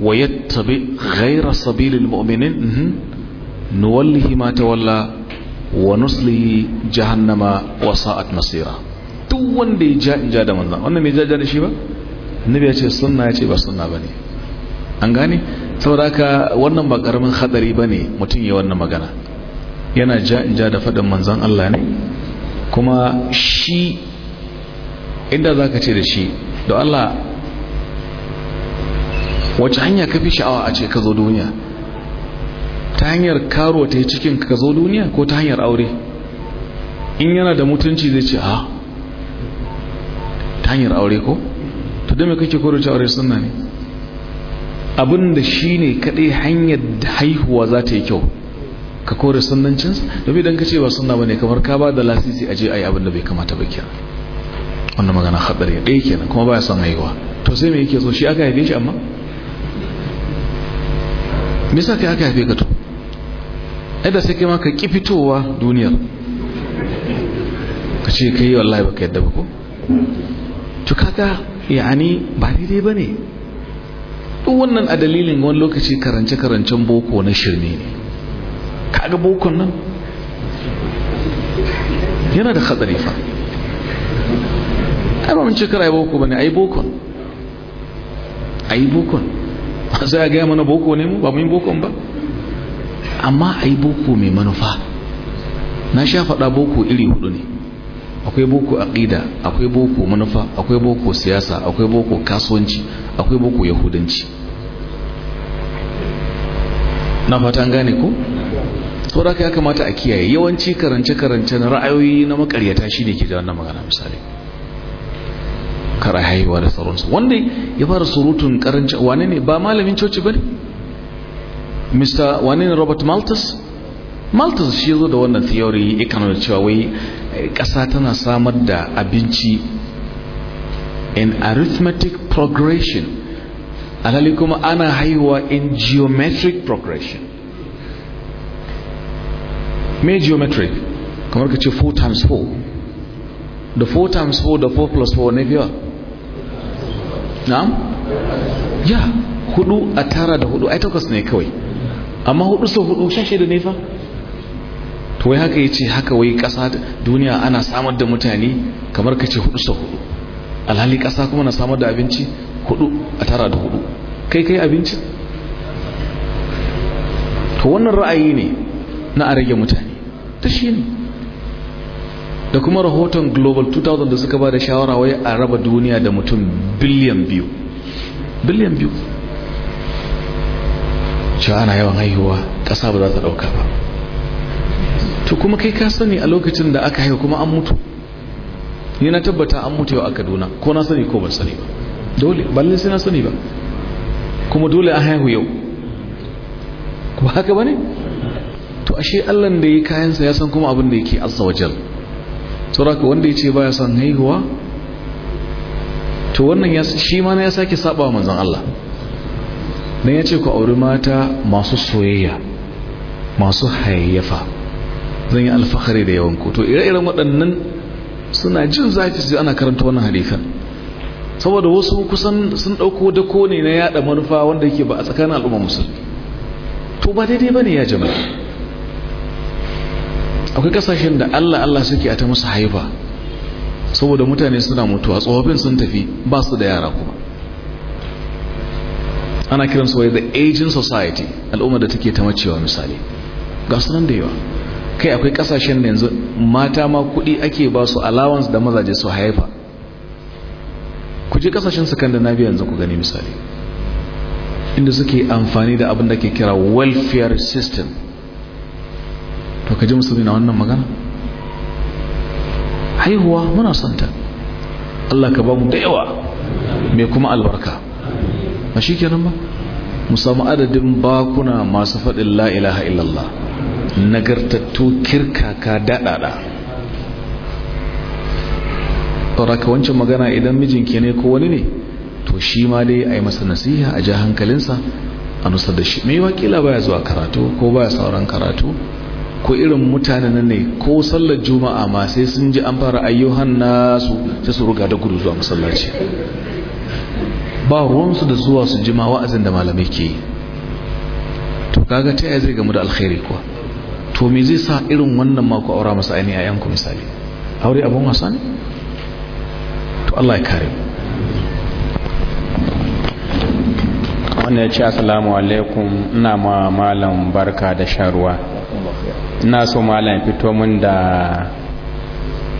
wa yattabi ghayra sabili al-mu'minin nuwallihi ma tawalla wa nuslihi jahannama wa duk wanda ya ja in ja da manzan, wannan bai ja ja da shi ba annabi ya ce sunna ya ce ba sunna bane an gane saboda haka wannan ba karamin hadari bane mutum ya wannan magana yana ja in ja da faɗin manzon Allah ne kuma shi inda zaka ce da shi to Allah wace hanya ka fi sha'awa a ce ka zo duniya ta hanyar karo ta yi cikin ka zo duniya ko ta hanyar aure in yana da mutunci zai ce a ah, ta hanyar aure ko to dame kake koro ta aure sunna ne abin da shi ne kaɗai hanyar da haihuwa za ta yi kyau ka kore sunnancinsa domin idan ka ce ba sunna ba ne kamar ka ba da lasisi a je a yi abin da bai kamata ba kira wannan magana haɗari ɗaya eh kenan kuma baya son haihuwa to sai mai yake so shi aka haife shi amma misa kai aka haife ka to da sai kai ma ka ƙi fitowa duniyar ka ce kai wallahi ba yadda ba ko to kaga yani ba daidai ba ne duk wannan a dalilin wani lokaci karance-karancen boko na shirme ne kaga bokon nan yana da hatsari fa ai ba mun ce kar ai boko bane ai bokon ai bokon sai ga mana boko ne mu ba mun bokon ba amma ai boko mai manufa na sha faɗa boko iri hudu ne akwai boko aqida akwai boko manufa akwai boko siyasa akwai boko kasuwanci akwai boko yahudanci na fatan gane ko saboda ya kamata a kiyaye yawanci karance-karance na ra'ayoyi na makaryata shine ke da wannan magana misali kara haihuwa da sauransu wanda ya fara surutun karanci wane ne ba malamin coci ba ne mr wane ne robert maltus maltus shi zo da wannan theory ya kano da cewa wai kasa eh, tana samar da abinci in arithmetic progression alhali kuma ana haihuwa in geometric progression me geometric kamar ka ce 4 times 4 da 4 times 4 da 4 plus 4 ne biyar na'am ya hudu a tara da hudu ai takwas ne kawai amma hudu sau hudu shashe da ne to wai haka yace haka wai kasa duniya ana samar da mutane kamar kace hudu sau hudu alhali kasa kuma na samar da abinci hudu a tara da hudu kai kai abinci to wannan ra'ayi ne na a rage mutane ta shi ne da kuma rahoton global 2000 da suka ba da shawara wai a raba duniya da mutum biliyan biyu biliyan biyu cewa ana yawan haihuwa ƙasa ba za ta ɗauka ba to kuma kai ka sani a lokacin da aka haihu kuma an mutu ni na tabbata an mutu yau a kaduna ko na sani ko ban sani ba dole balle sai na sani ba kuma dole an haihu yau ba haka ba ne to ashe allan da ya kayansa ya san kuma abin da yake azza wajal sauraka wanda ya ce ba ya son haihuwa to wannan shi ma na ya sake saba wa manzan Allah na ya ce ku auri mata masu soyayya masu hayayyafa zan yi alfahari da yawanku to ire-iren waɗannan suna jin zafi su ana karanta wannan halifan saboda wasu kusan sun ɗauko da ne na yada manufa wanda yake ba a tsakanin al'umma musulmi to ba daidai ba ne ya jama'a akwai kasashen da allah allah suke a ta musu haifa saboda mutane suna mutuwa tsofaffin sun tafi ba su da yara kuma ana kiran su wai the aging society al'ummar da take ta macewa misali ga sunan da yawa kai akwai kasashen da yanzu mata ma kuɗi ake ba su allowance da mazaje su haifa ku je kasashen scandinavia yanzu ku gani misali inda suke amfani da abin da ke kira welfare system to ka ji musulmi na wannan magana haihuwa muna son ta. Allah ka ba mu da yawa mai kuma albarka ba shi kenan ba mu samu adadin bakuna masu faɗin la ilaha illallah nagartattu kirkaka daɗaɗa ka wancan magana idan mijinki ne ko wani ne to shi ma dai a yi masa nasiha a ja hankalinsa a nusa da shi mai wakila baya zuwa karatu ko baya sauran karatu ko irin mutanen ne ko sallar juma'a ma sai sun ji an fara ayyuhan nasu sai su ruga da gudu zuwa masallaci ba ruwansu da zuwa su jima wa'azin da malamai ke yi to kaga ta zai gamu da alkhairi kuwa to me zai sa irin wannan mako aura masa aini a yanku misali aure abun wasa ne to Allah ya kare wannan ya ce assalamu alaikum ina ma malam barka da sharuwa ina so malam fito min da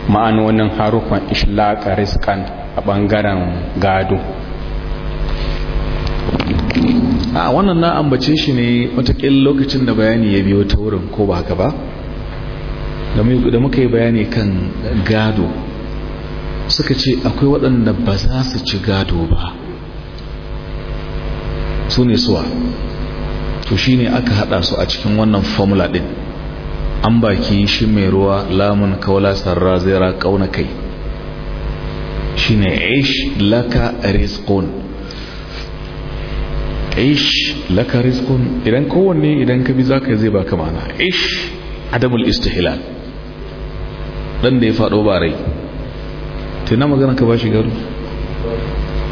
ma'anonin harufan ishlaƙa riskan a ɓangaren gado a wannan na ambace shi ne matakin lokacin da bayani ya biyo ta wurin ko ba haka ba da muka yi bayani kan gado suka ce akwai waɗanda ba za su ci gado ba su ne suwa to shi ne aka haɗa su a cikin wannan formula ɗin an baki shi mai ruwa lamun kawla sarra zai ra kauna kai shi ne ish laka rizqun ish laka rizqun idan kowanne idan ka bi za ka zai baka mana ish adamul istihlal dan da ya faɗo ba rai na magana ka ba shi gado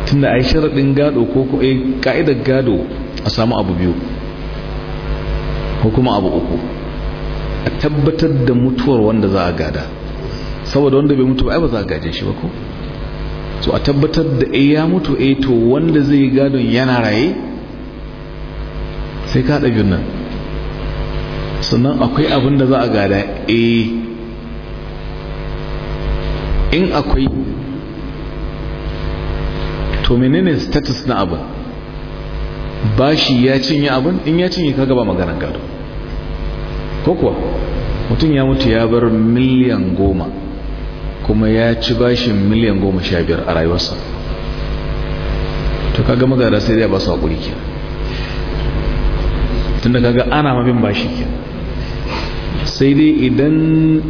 tunda ai sharadin gado ko eh, ka'idar gado a samu abu biyu ko kuma abu uku a tabbatar da mutuwar wanda za a gada saboda wanda bai mutu ba ba za a gaje shi ba ko so a tabbatar da eh ya mutu eh to wanda zai gadon yana raye sai ka ɗabin nan sannan akwai abin da za a gada eh in akwai to menene status na abin bashi ya cinye abin in ya cinye ka gaba maganar gado ko kuwa mutum ya mutu ya bar miliyan goma kuma ya ci bashin miliyan goma sha biyar a rayuwarsa to kaga magana sai dai ba su haƙuri ke tunda kaga ana mabin bashi ke sai dai idan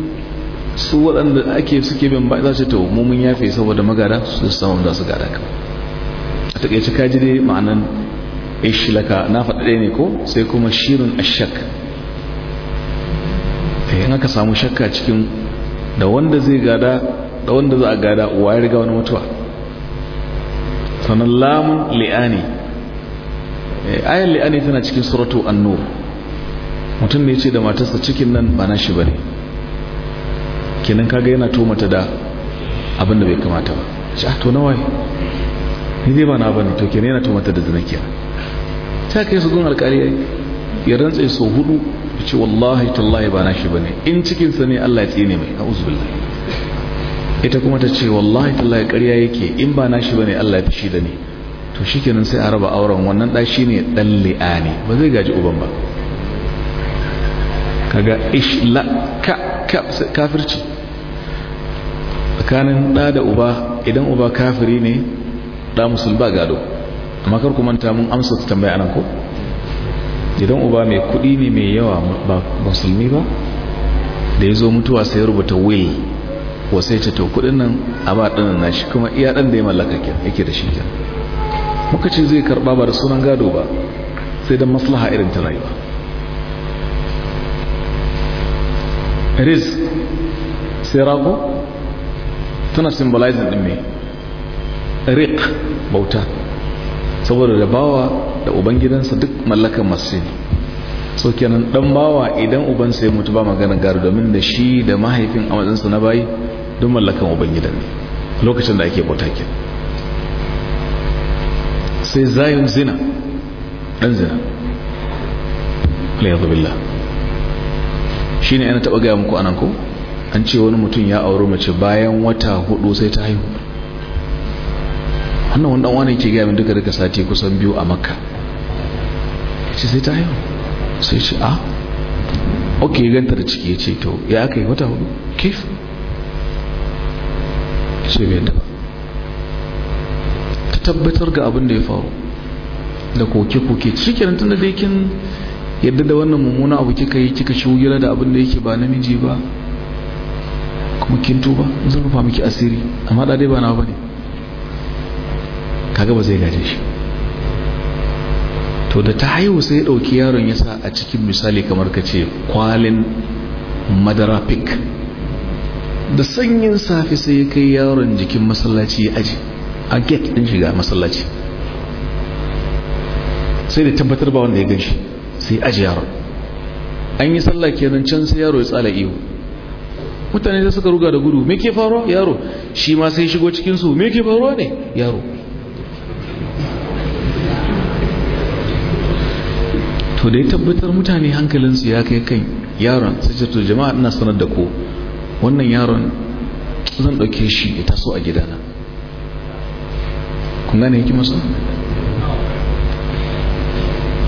su waɗanda ake suke bin ba za su ta umumin yafe saboda magada su samun za su gada ka a taƙaice kaji dai ma'anan ishilaka na faɗaɗe ne ko sai kuma shirin ashak in aka samu shakka cikin da wanda zai gada da wanda za a gada wa ya riga wani mutuwa sannan lamun li'ani eh, ayan li'ani tana cikin suratu annur mutum ne ce da matarsa cikin nan ba na shi bane kenan kaga yana to mata da abinda bai kamata ba ce a ah, to nawa ni dai ba na bane to kenan yana to mata da zinakiya ta kai su gun alkali ya rantsa su hudu ce wallahi tallahi ba nashi bane in cikin sa ne Allah ya tsine mai a'udhu billahi ita kuma ta ce wallahi tallahi ƙarya yake in ba nashi bane Allah ya shi da ni to shikenan sai a raba auren wannan da ne dan li'ani ba zai gaji uban ba kaga ish la ka ka kafirci tsakanin da da uba idan uba kafiri ne da musulba gado amma kar ku manta mun amsa tambaya anan ko idan uba mai kudi ne mai yawa ba musulmi ba da ya zo mutuwa sai rubuta will ko sai ce to kudin nan a ba ɗanin nashi kuma iya ɗan da ya mallaka yake da shi ke muka ce zai karɓa ba da sunan gado ba sai don maslaha irin ta rayuwa riz sai rago tana symbolizing ɗin mai rik bauta saboda da bawa da ubangidansa duk mallakan masu so kenan dan bawa idan ubansa ya mutu ba magana gari domin da shi da mahaifin a matsansa na bayi don mallakan ubangidan ne lokacin da ake bauta ke sai zayin zina dan zina billah shi ne yana taɓa gaya muku anan ko an ce wani mutum ya auri mace bayan wata hudu sai ta haihu hannun wani ke gami duka duka sati kusan biyu a makka ce sai ta haihu sai ce a ah, ok ganta da ciki ya ce to ya aka yi wata hudu kif ce bai da ta tabbatar ga abin da ya faru da koke-koke na tun da daikin yadda da wannan mummuna abu kika yi kika shugira da abin da yake ba namiji ba kuma kin tuba zan rufa miki asiri amma da dai ba na ne. kaga ba zai gaje shi to da ta haihu sai dauki ɗauki yaron ya sa a cikin misali kamar ka ce kwalin madara pik da sanyin safe sai ya kai yaron jikin masallaci ya aji a get ɗin shiga masallaci sai da tabbatar ba wanda ya gan shi sai ya aji yaron an yi sallah kenan can sai yaro ya tsala iyo mutane da suka ruga da gudu me ke faruwa yaro shi ma sai shigo cikinsu me ke faruwa ne yaro to da ya tabbatar mutane hankalinsu ya kai kan yaron sai ce to jama'a ina sanar da ku wannan yaron zan ɗauke shi ya taso a gidana kun gane yake masu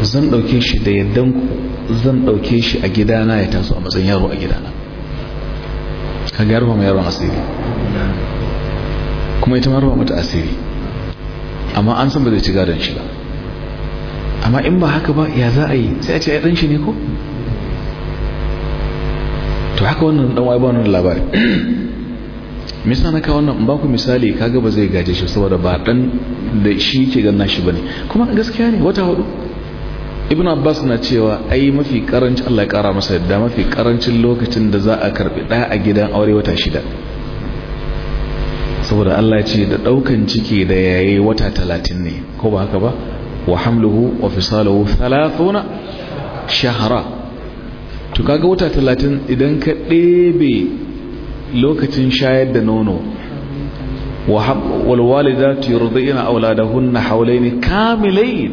zan ɗauke shi da yardan ku zan ɗauke shi a gidana ya taso a matsayin yaro a gidana ka ga yarwa mai yaron asiri kuma ita ma mata asiri amma an san ba zai ci gadon shi ba amma in ba haka ba ya za a yi sai a ce ya shi ne ko to haka wannan dan wai ba wannan labari (clears throat) misa na wannan in ba ku misali kaga ba zai gaje shi saboda ba dan da shi ke ganna shi ba kuma gaskiya ne wata hudu ibn abbas na cewa ai mafi karanci allah ya kara masa yadda mafi karancin lokacin da za a karbi ɗaya a gidan aure wata shida saboda allah ce da ɗaukan ciki da yayi wata talatin ne ko ba haka ba وحمله وفصاله ثلاثون To kaga wata 30 idan ka ɗebe lokacin shayar da nono والوالدات يرضين أولادهن حولين كاملين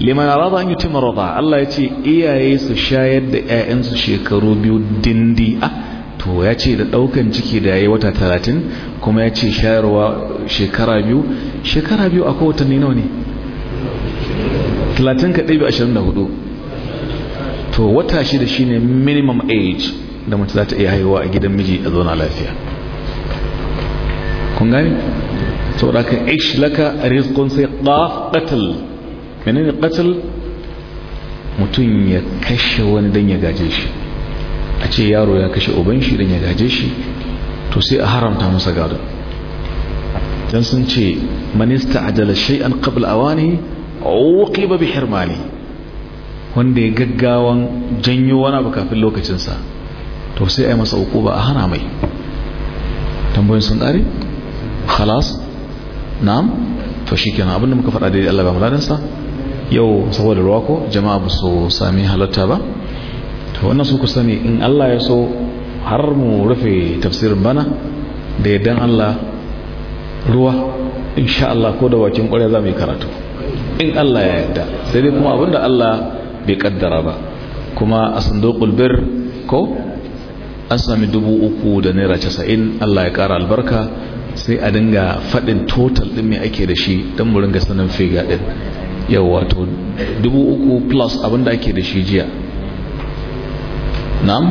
liman arada an yutima rada Allah ya ce iyaye su shayar da 'ya'yansu shekaru biyu dindi ah to ya ce da ɗaukan ciki da yayi wata talatin kuma ya ce shayarwa shekara biyu shekara biyu a kowatanni nawa ne talatin ka ɗabi ashirin da hudu to wata shi ne minimum age da mace za ta iya haihuwa a gidan miji a zauna lafiya kun gani da ka ish laka rizqun sai qaf qatl menene ƙatal mutum ya kashe wani dan ya gaje shi a ce yaro ya kashe uban shi dan ya gaje shi to sai a haramta masa gado don sun ce manista an shay'an kabla awani uqiba bi hirmani wanda ya gaggawan janyo wani abu kafin lokacinsa to sai a yi masa ba a hana mai tambayoyin sun kare khalas na'am to shikenan abinda muka faɗa da Allah ba mu yau saboda ruwa ko jama'a ba su sami halatta ba to wannan sun ku sani in Allah ya so har mu rufe tafsirin bana da yardan Allah ruwa insha Allah ko da bakin ƙwarya za mu yi karatu in Allah ya yarda sai dai kuma abinda Allah bai kaddara ba kuma a sandokul bir ko an sami dubu uku da naira casa'in Allah ya kara albarka sai a dinga faɗin total ɗin mai ake da shi don mu ringa sanin figa ɗin yau wato dubu uku plus abinda ake da shi jiya nam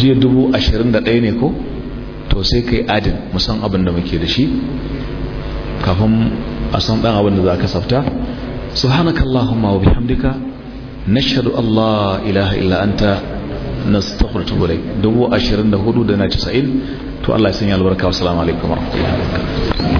jiya dubu ashirin da ɗaya ne ko to sai kai adin musan da muke da shi kafin a san dan abin da za ka safta subhanakallahumma wa bihamdika nashhadu an la ilaha illa anta nastaghfiruka wa dubu ashirin da hudu da na casa'in to Allah ya sanya albarka wa assalamu alaikum wa rahmatullahi